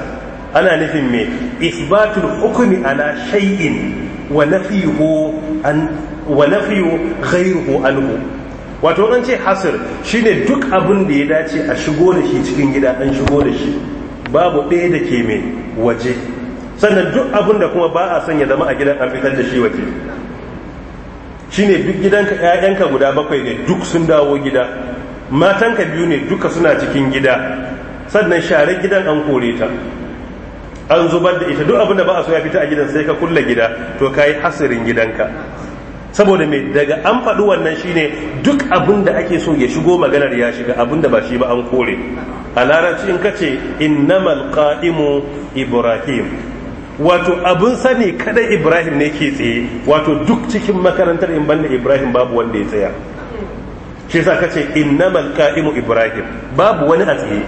ana nufin mai, isbatul hukumi ala shay'in wa na an wa nafiyu ghayruhu anhu wato an ce hasr shine duk abin da ya dace a shigo da shi cikin gida an shigo da shi babu ɗaya da ke mai waje sannan duk abin da kuma ba a sanya zama a gidan an fitar da shi waje shine duk gidanka ƴaƴanka guda bakwai ne duk sun dawo gida matanka biyu ne duka suna cikin gida sannan share gidan an kore ta an zubar da ita duk abin da ba a so ya fita a gidan sai ka kulle gida to kayi hasirin gidanka saboda mai daga an faɗi wannan shine duk abin da ake so ya shigo maganar ya shiga abin da ba shi ba an kore a larabci in ka ce innamal qa'imu ibrahim wato abun sani kada ibrahim ne ke tsaye wato duk cikin makarantar in banda ibrahim babu wanda ya tsaya shi sa kace innamal qa'imu ibrahim babu wani a tsaye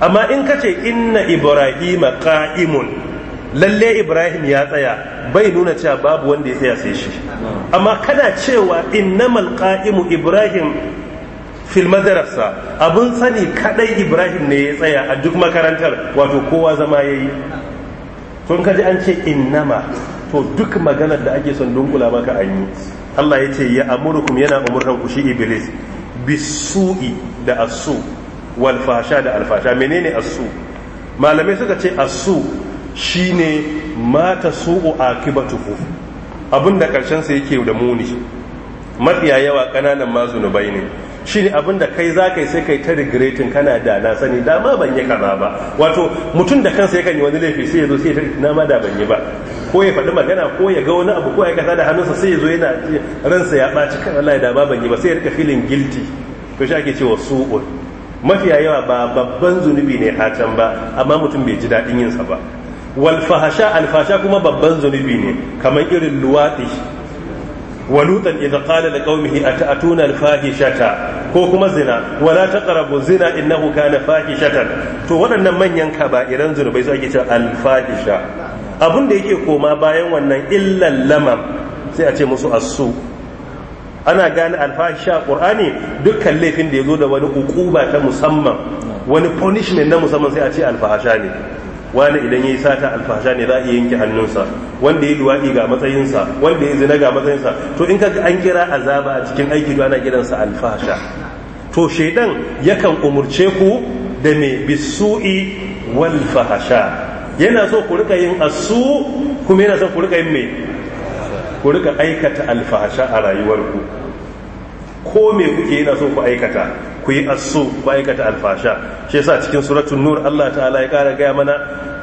amma in kace inna ibrahima qa'imun lalle ibrahim ya tsaya bai nuna cewa babu wanda ya tsaya sai shi amma kana cewa innamal qa'imu ibrahim fil madrasa abun sani kadai ibrahim ne ya tsaya a duk makarantar wato kowa zama yayi tun kaji an ce innama to duk maganar da ake son dunkula maka an yi Allah ya ce ya amurkum yana umurkan ku shi iblis bisu'i da asu wal fasha da alfasha menene asu malamai suka ce asu shine mata su'u akibatuhu abinda karshen sa yake da muni mafiya yawa kananan mazunubai ne shi ne abin da kai za ka yi sai kai ta regretin kana da na sani dama ban yi kaza ba wato mutum da kansa yakan yi wani laifi sai ya zo sai ya na ma da ban yi ba ko ya faɗi magana ko ya ga wani abu ko ya kasa da hannunsa sai ya zo yana ransa ya ɓaci kan Allah ya dama ban yi ba sai ya rika filin guilty to shi ake cewa su'ul mafiya yawa ba babban zunubi ne hatan ba amma mutum bai ji daɗin yinsa ba wal fahasha al fahasha kuma babban zunubi ne kamar irin luwaɗi ولوطا إذا قال لقومه أتأتون fahishata ko kuma zina wala taqrabu zina innahu kana fahishatan to waɗannan manyan kaba'iran zunubai su ake cewa alfahisha abun da yake koma bayan wannan illan lama sai a ce musu asu ana gane alfahisha qur'ani dukkan laifin da yazo da wani ukuba ta musamman wani punishment na musamman sai a ce alfahasha ne wani idan ya yi sata alfasha ne za a yanke hannunsa wanda ya luwaɗi ga matsayinsa wanda ya zina ga matsayinsa to in kaga an kira azaba a cikin aiki to ana kiransa alfasha to shaidan yakan umurce ku da me bisu'i wal fahasha yana so ku rika yin asu kuma yana so ku rika yin me ku rika aikata alfasha a rayuwarku ko me kuke yana so ku aikata ku yi asu ku aikata alfasha shi yasa cikin suratun nur Allah ta'ala ya ƙara gaya mana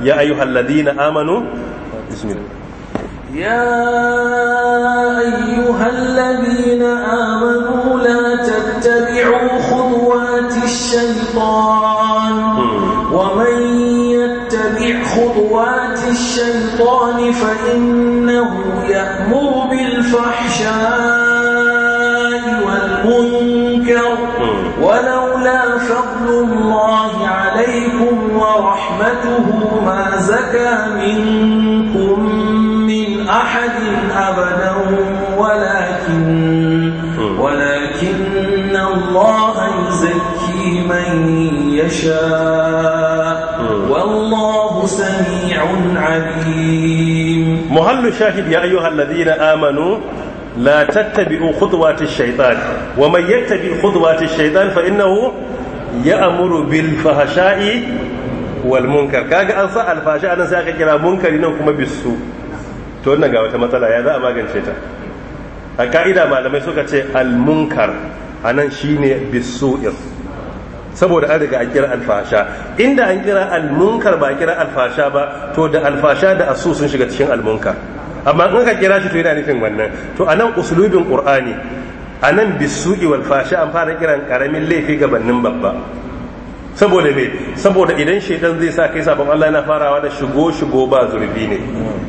ya ayyuhal ladina amanu bismillah ya ayyuhal ladina amanu la tattabi'u khutuwati shaytan hmm. wa man yattabi' khutuwati shaytan fa innahu ya'muru bil fahsha'i رحمته ما زكى منكم من أحد أبدا ولكن ولكن الله يزكي من يشاء والله سميع عليم محل شاهد يا أيها الذين آمنوا لا تتبعوا خطوات الشيطان ومن يتبع خطوات الشيطان فإنه يأمر بالفحشاء wal munkar kaga an sa alfashi anan sai aka kira munkari nan kuma bisu to wannan ga wata matsala ya za a magance ta a ka'ida malamai suka ce al munkar anan shine bisu'ir saboda an riga an kira alfasha inda an kira almunkar ba kira alfasha ba to da alfasha da asu sun shiga cikin almunkar amma in ka kira shi to yana nufin wannan to anan uslubin qur'ani anan bisu'i wal fasha an fara kiran karamin laifi gabanin babba saboda me saboda idan shaidan zai sa kai sabon Allah yana farawa da shigo shigo ba zurfi ne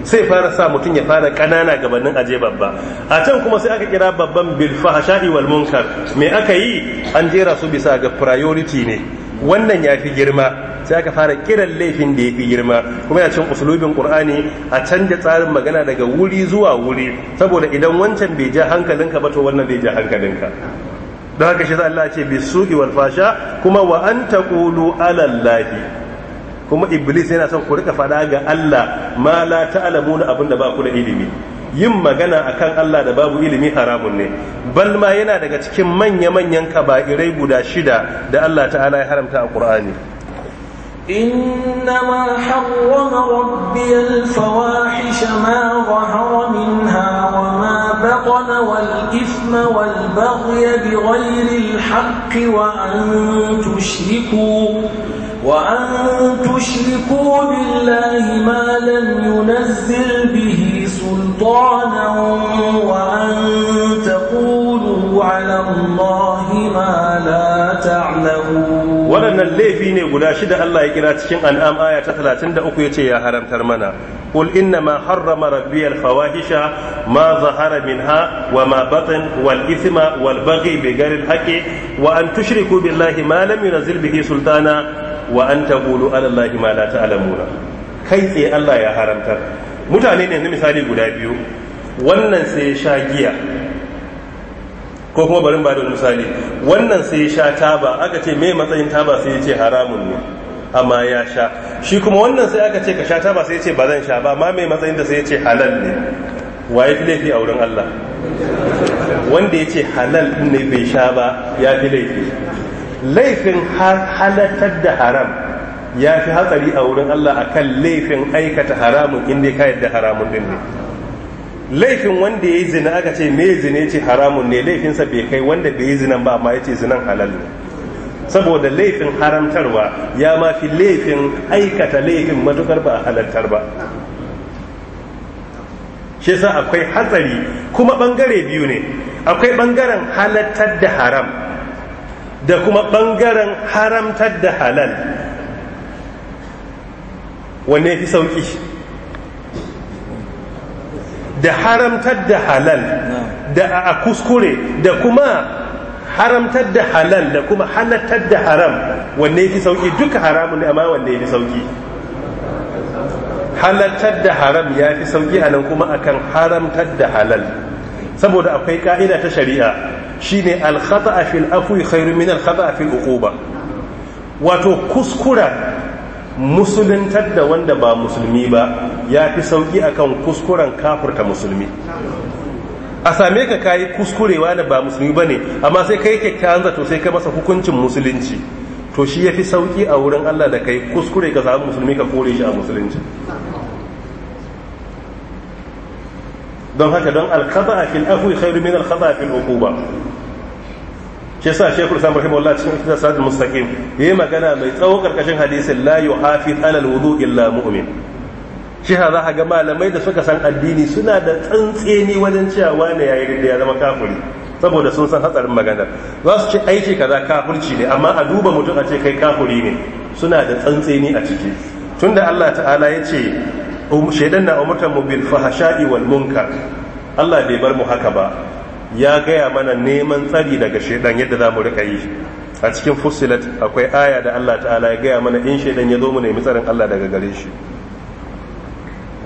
sai fara sa mutum ya fara kanana gabanin aje babba a can kuma sai aka kira babban bil fahsha'i wal munkar me aka yi an jera su bisa ga priority ne wannan ya fi girma sai aka fara kiran laifin da ya fi girma kuma ya cin usulubin qur'ani a canja tsarin magana daga wuri zuwa wuri saboda idan wancan bai ja hankalinka ba to wannan bai ja hankalinka don haka shi Allah ce bi su'i wal fasha kuma wa an taqulu ala kuma iblis yana son ku rika fada ga Allah ma la ta'lamuna abinda ba ku da ilimi yin magana akan Allah da babu ilimi haramun ne bal ma yana daga cikin manya-manyan kaba'irai guda shida da Allah ta'ala ya haramta a Qur'ani إنما حرم ربي الفواحش ما ظهر منها وما بطن والإثم والبغي بغير الحق وأن تشركوا وأن تشركوا بالله ما لم ينزل به سلطانا وأن تقولوا على الله ما لا تعلمون waɗannan laifi ne guda shida Allah ya kira cikin an'am aya ta da uku ya ce ya haramtar mana qul inna ma harrama rabbi al fawahisha ma zahara minha wa ma batan wal ithma wal baghi bi ghairi al wa an tushriku billahi ma lam yunzil bihi sultana wa an taqulu ala allahi ma la kai tsaye Allah ya haramtar mutane ne misali guda biyu wannan sai ya sha giya ko kuma barin ba da misali wannan sai ya sha taba aka ce me matsayin taba sai ya ce haramun ne amma ya sha shi kuma wannan sai aka ce ka sha taba sai ya ce ba zan sha ba amma me matsayin da sai ya ce halal ne Wa ya fi laifi a wurin Allah wanda ya ce halal ne bai sha ba ya fi laifi laifin halatar da haram ya fi hatsari a wurin Allah akan laifin aikata haramun inda ka yadda haramun din ne laifin wanda ya yi zina aka ce me zina ce haramun ne laifinsa bai kai wanda bai yi zinan ba amma ya ce zinan halal ne saboda laifin haramtarwa ya ma fi laifin aikata laifin matukar ba a halartar ba shi sa akwai hatsari kuma bangare biyu ne akwai bangaren halartar da haram da kuma bangaren haramtar da halal wanne fi sauki da haramtar da halal da a kuskure da kuma haramtar da halal da kuma halattar da haram wanne fi sauki duka haramun ne amma wanne fi sauki halattar da haram ya fi sauki a nan kuma akan haramtar da halal saboda akwai ka'ida ta shari'a shine al-khata'a fil afwi khairu min al-khata'a fil uquba wato kuskura musuluntar da wanda ba musulmi ba ya fi sauƙi akan kuskuren kafurta musulmi a same ka kayi kuskurewa da ba musulmi ba ne amma sai kai kyakkyawan zato sai ka masa hukuncin musulunci to shi ya fi sauƙi a wurin allah da kai kuskure ka samu musulmi ka kore shi a musulunci don haka don alkhata a fil afu khairu min alkhata a fil uquba shi yasa shekul sam rahimahullah cikin kitab sadul mustaqim yayi magana mai tsawo karkashin hadisin la yuhafiz alal wudu illa mu'min shi za a ga malamai da suka san addini suna da tsantseni wajen cewa wani yayi da ya zama kafuri saboda sun san hatsarin maganar za su ce aiki kaza kafurci ne amma a duba mutum a ce kai kafuri ne suna da tsantseni a ciki Tun da Allah ta'ala ya ce um, shaidan na umurtan mu bil fahasha'i wal munkar Allah bai bar mu haka ba ya gaya mana neman tsari daga shaidan yadda za mu rika yi a cikin fusilat akwai aya da Allah ta'ala ya gaya mana in shaidan ya zo mu nemi tsarin Allah daga gare shi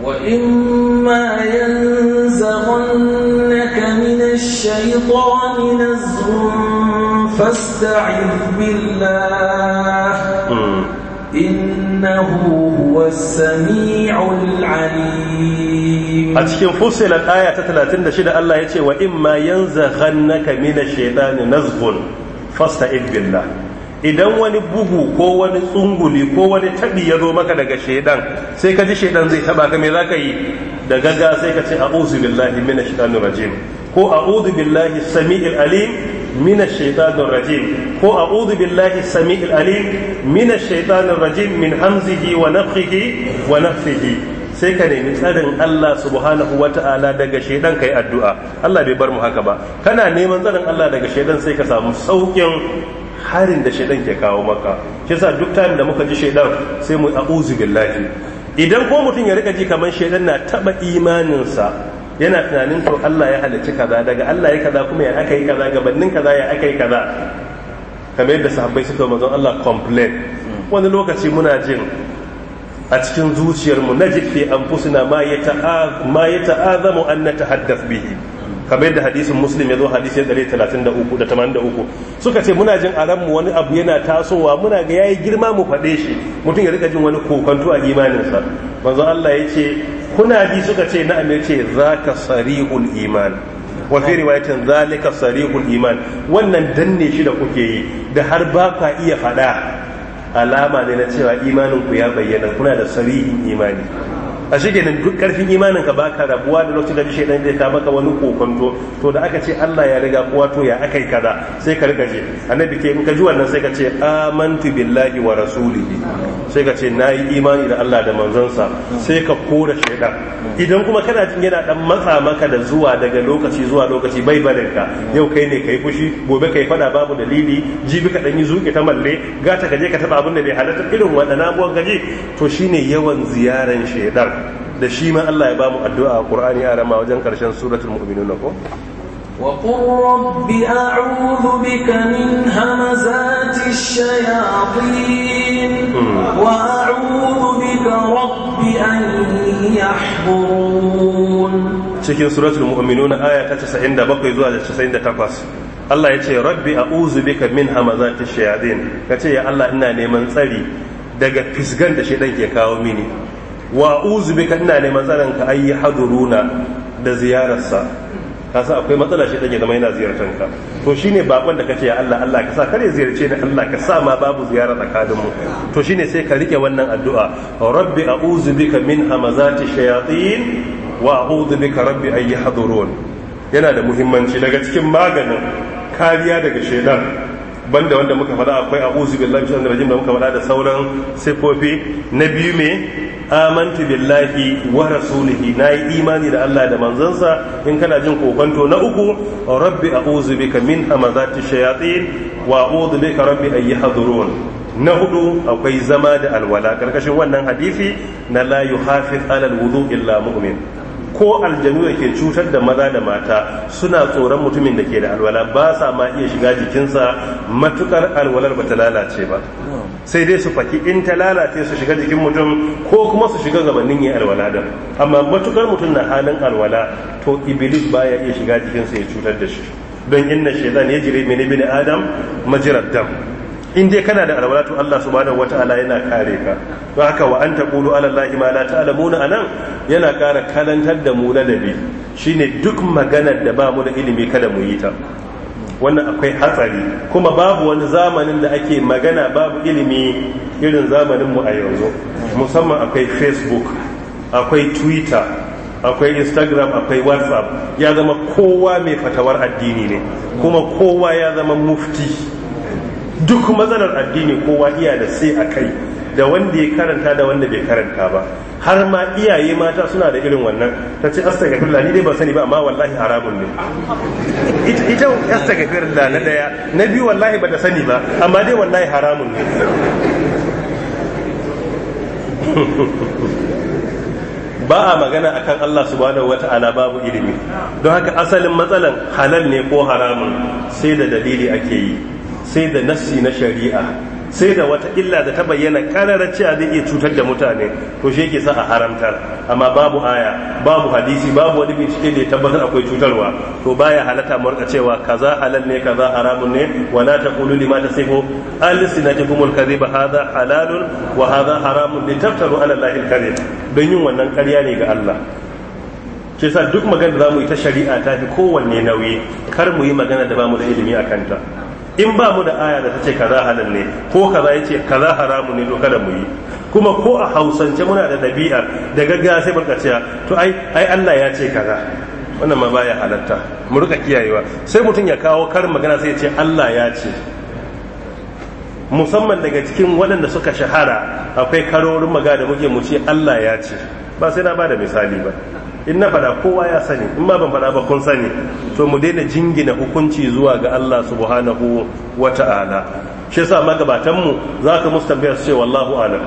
وإما ينزغنك من الشيطان نزغ فاستعذ بالله إنه هو السميع العليم أتكين فصل الآية 36 الله يتي وإما ينزغنك من الشيطان نزغ فاستعذ بالله idan wani bugu ko wani tsunguli ko wani tabi ya zo maka daga shaidan sai ka ji shaidan zai taba ka me za ka yi da gaga sai ka ce a'udhu billahi minash shaitanir rajim ko a'udhu billahi samiil alim minash shaitanir rajim ko a'udhu billahi samiil alim minash shaitanir rajim min hamzihi wa nafthihi wa nafthihi sai ka nemi tsarin Allah subhanahu wa ta'ala daga shaidan kai addu'a Allah bai bar mu haka ba kana neman tsarin Allah daga shaidan sai ka samu saukin harin da shaidan ke kawo maka kisa duk tarin da muka ji shaidan sai mu auzu billahi idan ko mutum ya rika ji kamar shaidan na taba imaninsa yana tunanin to Allah ya halicci kaza daga Allah ya kaza kuma ya aka yi kaza gabanin kaza ya aka yi kaza kamar yadda sahabbai suka yi manzon Allah complain wani lokaci muna jin a cikin zuciyarmu na jikin amfusina ma yata an na an haddasa bihi kamar da hadisin muslim ya zo hadisi da 33 da uku suka ce muna jin a wani abu yana tasowa muna ga yayi girma mu faɗe shi mutum ya rika jin wani kokonto a imaninsa manzo Allah ya ce kuna bi suka ce na amir ce za ka sarihul iman wa fi riwayatin zalika sarihul iman wannan danne shi da kuke yi da har ba ka iya faɗa alama ne na cewa imanin ku ya bayyana kuna da sarihin imani a shi kenan duk karfin imanin ka baka rabuwa da lokacin da shi dan zai ka baka wani kokonto to da aka ce Allah ya riga kuwa to ya akai kaza sai ka riga je annabi ke in ka ji wannan sai ka ce amantu billahi wa rasuli sai ka ce nayi imani da Allah da manzonsa sai ka kora shaydan idan kuma kana jin yana dan matsa maka da zuwa daga lokaci zuwa lokaci bai barin ka yau kai ne kai fushi gobe kai fada babu dalili jibi ka dan yi zuke ta malle gata ka je ka taba abin da bai halatta irin waɗannan abubuwan gaji to shine yawan ziyaran shaydan da shi ma Allah ya ba mu addu'a a Qur'ani a rama wajen karshen suratul mu'minun ko وقل a'udhu bika min من shayatin hmm. wa a'udhu bika rabbi an يحضرون cikin suratul mu'minun aya ta 97 zuwa 98 Allah ya ce rabbi a'udhu bika min hamazati shayatin kace ya Allah ina neman tsari daga fisgan da shedan ke kawo mini wa uzu bi kanna ne tsarin ka ayi haduruna da ziyararsa ka san akwai matsala shi dan ya zama yana ziyartar ka to shine bakon da kace ya Allah Allah ka sa kare ziyarce ni Allah ka sa ma babu ziyara tsakanin mu to shine sai ka rike wannan addu'a rabbi a'udhu bika min hamazati shayatin wa a'udhu bika rabbi ayi hadurun yana da muhimmanci daga cikin maganin kariya daga shedan banda wanda muka faɗa akwai a billahi minash shaitanir rajim da muka faɗa da sauran sifofi na biyu me amantu billahi wa rasulihi yi imani da Allah da manzansa in kana jin kokonto na uku rabbi a'udhu bika min hamazati shayatin wa a'udhu bika rabbi an yahdurun na hudu akwai zama da alwala karkashin wannan hadisi na la yuhafiz alal wudu illa mu'min ko aljanu da ke cutar da maza da mata suna tsoron mutumin da ke da alwala ba sa ma iya shiga jikinsa matukar alwalar ba ta lalace ba sai dai su faki in ta lalace su shiga jikin mutum ko kuma su shiga gabanin ya alwala da amma matukar mutum na halin alwala to iblis baya iya shiga jikinsa ya cutar da shi don inna shaitan ya jire mini bin adam majirar in dai kana da alwala to Allah subhanahu wataala yana kare ka to haka wa anta qulu ala llahi ma la ta'lamuna anan yana kara kalantar da mu ladabi shine duk maganar da ba mu da ilimi kada mu yi ta wannan akwai hatsari kuma babu wani zamanin da ake magana babu ilimi irin zamanin mu a yanzu musamman akwai facebook akwai twitter akwai instagram akwai whatsapp ya zama kowa mai fatawar addini ne kuma kowa ya zama mufti duk matsalar addini kowa iya da sai a kai da wanda ya karanta da wanda bai karanta ba har ma iyaye mata suna da irin wannan ta ce astagfirullah ni dai ban sani ba amma wallahi haramun ne ita astagfirullah na daya na biyu wallahi ba ta sani ba amma dai wallahi haramun ne ba a magana akan Allah subhanahu wata'ala babu ilimi don haka asalin matsalan halal ne ko haramun sai da dalili ake yi sai da nassi na shari'a sai da wata illa da ta bayyana kararar cewa zai iya cutar da mutane to shi yake sa a haramtar amma babu aya babu hadisi babu wani bincike da ya tabbatar akwai cutarwa to baya halarta mu rika cewa kaza halal ne kaza haramun ne wala taqulu lima tasifu alsinatukum alkadhib hadha halalun wa hadha haramun taftaru ala allahi alkadhib don yin wannan ƙarya ne ga Allah ke sa duk magana da zamu mu yi ta shari'a ta fi kowanne nauyi kar mu yi magana da ba da ilimi a kanta in ba mu da aya da ta ce kaza halal ne ko kaza ya ce kaza haramu ne doka kada mu yi kuma ko a hausance muna da dabi'a da gaggawa sai muka cewa to ai ai Allah ya ce kaza wannan ma baya halatta mu rika kiyayewa sai mutum ya kawo karin magana sai ya ce Allah ya ce musamman daga cikin waɗanda suka shahara akwai karorin magana da muke mu ce Allah ya ce ba sai na ba da misali ba in na faɗa kowa ya sani in ma ban faɗa ba kun sani to mu daina jingina hukunci zuwa ga Allah subhanahu wa ta'ala shi yasa magabatan mu zaka musu tambaya su ce wallahu alam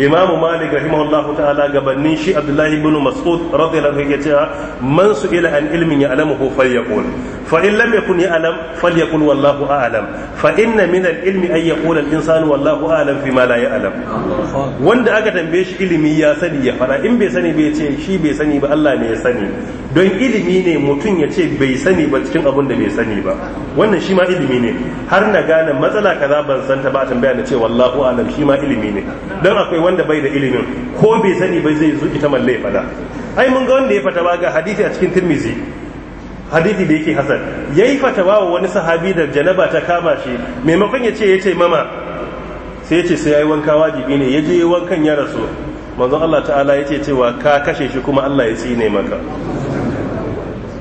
imam malik rahimahullahu ta'ala gabanin shi abdullahi ibn mas'ud radiyallahu anhu yace man su ila an ilmin ya falyaqul fa in lam yakun ya'lam falyaqul wallahu a'lam fa inna min al-ilmi an yaqula al-insanu wallahu a'lam fi ma la ya'lam wanda aka tambaye shi ilimi ya sani ya fara in bai sani bai ce shi bai sani ba Allah ne ya sani don ilimi ne mutum ya ce bai sani ba cikin abin da bai sani ba wannan shi ma ilimi ne har na gane matsala ka kaza ban san ba a tambaya na ce wallahu alam shi ma ilimi ne don akwai wanda bai da ilimin ko bai sani bai zai zuki ta malle fada ai mun ga wanda ya fata ba ga hadisi a cikin tirmizi hadisi da yake hasan yayi fata wa wani sahabi da janaba ta kama shi maimakon ya ce ya ce mama sai ya ce sai ai wanka wajibi ne ya je wankan ya rasu manzon Allah ta'ala ya ce cewa ka kashe shi kuma Allah ya tsine maka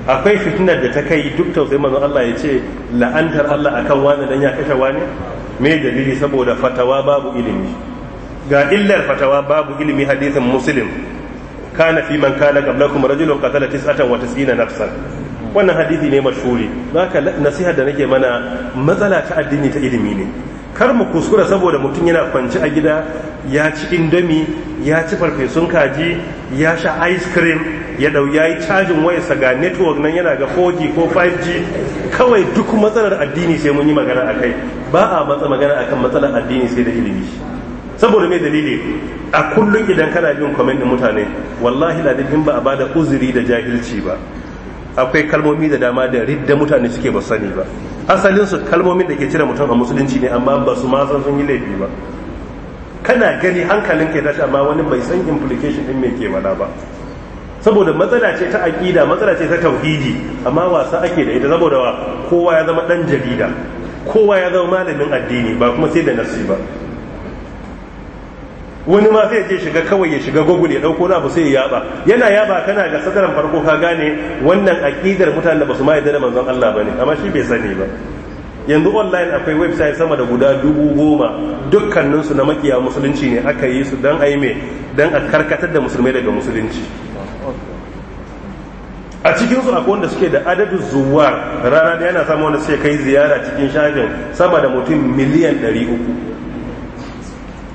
akwai fitinar da ta kai duk tausayi manzon Allah ya ce la'antar Allah akan wani dan ya kashe wani me dalili saboda fatawa babu ilimi ga illar fatawa babu ilimi hadisin muslim kana fi man kana qablakum rajulun qatala tis'ina nafsan wannan hadisi ne mashhuri zaka nasiha da nake mana matsala ta addini ta ilimi ne kar mu kuskura saboda mutum yana kwanci a gida ya ci indomi ya ci farfesun kaji ya sha ice cream ya dau ya yi cajin wayarsa ga network nan yana ga 4G ko 5G kawai duk matsalar addini sai mun yi magana a kai. ba a matsa magana akan matsalar addini sai da ilimi saboda mai dalili a kullum idan kana bin din mutane wallahi ladin ba a bada uzuri da jahilci ba akwai kalmomi da dama da ridda mutane suke ba sani ba asalin su kalmomin da ke cire mutum a musulunci ne amma ba su ma san sun yi laifi ba kana gani hankalin ke tashi amma wani bai san implication din mai ke wala ba saboda matsala ce ta aƙida matsala ce ta tauhidi amma wasa ake da ita saboda kowa ya zama dan jarida kowa ya zama malamin addini ba kuma sai da nasi ba wani ma zai je shiga kawai ya shiga google ya dauko na abu sai ya yaba yana yaba kana ga sadaran farko ka gane wannan aqidar mutanen da basu ma yarda da manzon Allah bane amma shi bai sani ba yanzu online akwai website sama da guda dubu goma dukkanin su na makiya musulunci ne aka yi su dan ayi mai dan a karkatar da musulmai daga musulunci a cikin su akwai wanda suke da adadin zuwa rana da yana samu wanda suke kai ziyara cikin shafin sama da mutum miliyan 300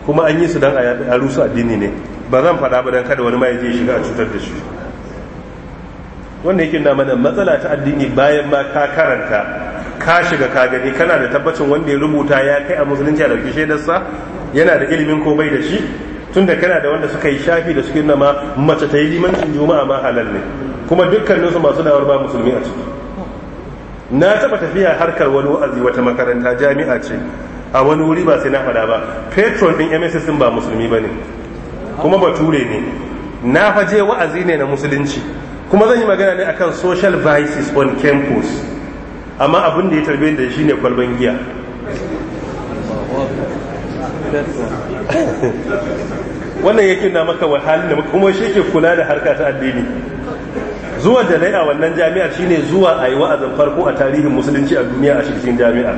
kuma an yi su don a rusu addini ne ba zan fada ba don kada wani ma ya je shiga a cutar da shi wanda yake na mana matsala ta addini bayan ma ka karanta ka shiga ka gani kana da tabbacin wanda ya rubuta ya kai a musulunci a dauki shaidarsa yana da ilimin ko bai da shi tun tunda kana da wanda suka yi shafi da suke nama mace ta yi limancin juma'a ma halal ne kuma dukkaninsu masu dawar ba musulmi a ciki na taɓa tafiya harkar wani wa'azi wata makaranta jami'a ce a wani wuri ba sai na fada ba Petron din mss ba musulmi ba ne kuma bature ne na faje wa'azi ne na musulunci kuma zan yi magana ne akan social vices on campus amma abin da ya tarbe da shi ne kwalban giya wannan yake na maka wahalin da kuma shi ke kula da harka ta addini zuwa da a wannan jami'ar shine zuwa a yi wa'azin farko a tarihin musulunci a duniya a cikin jami'a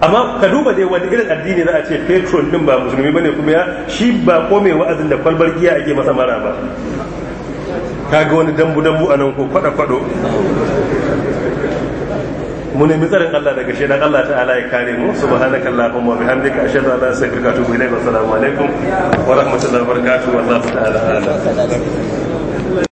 amma ka duba dai wani irin addini za a ce patron din ba musulmi bane kuma ya shi ba ko mai wa'azin da kwalbar giya ake masa mara ba ga wani dambu dambu a nan ko kwada kwado mu nemi tsarin Allah daga shi dan Allah ta'ala ya kare mu subhanaka allahumma wa bihamdika ashhadu an la ilaha illa anta astaghfiruka wa atubu ilayk assalamu alaikum wa rahmatullahi wa barakatuh wallahu ta'ala a'lam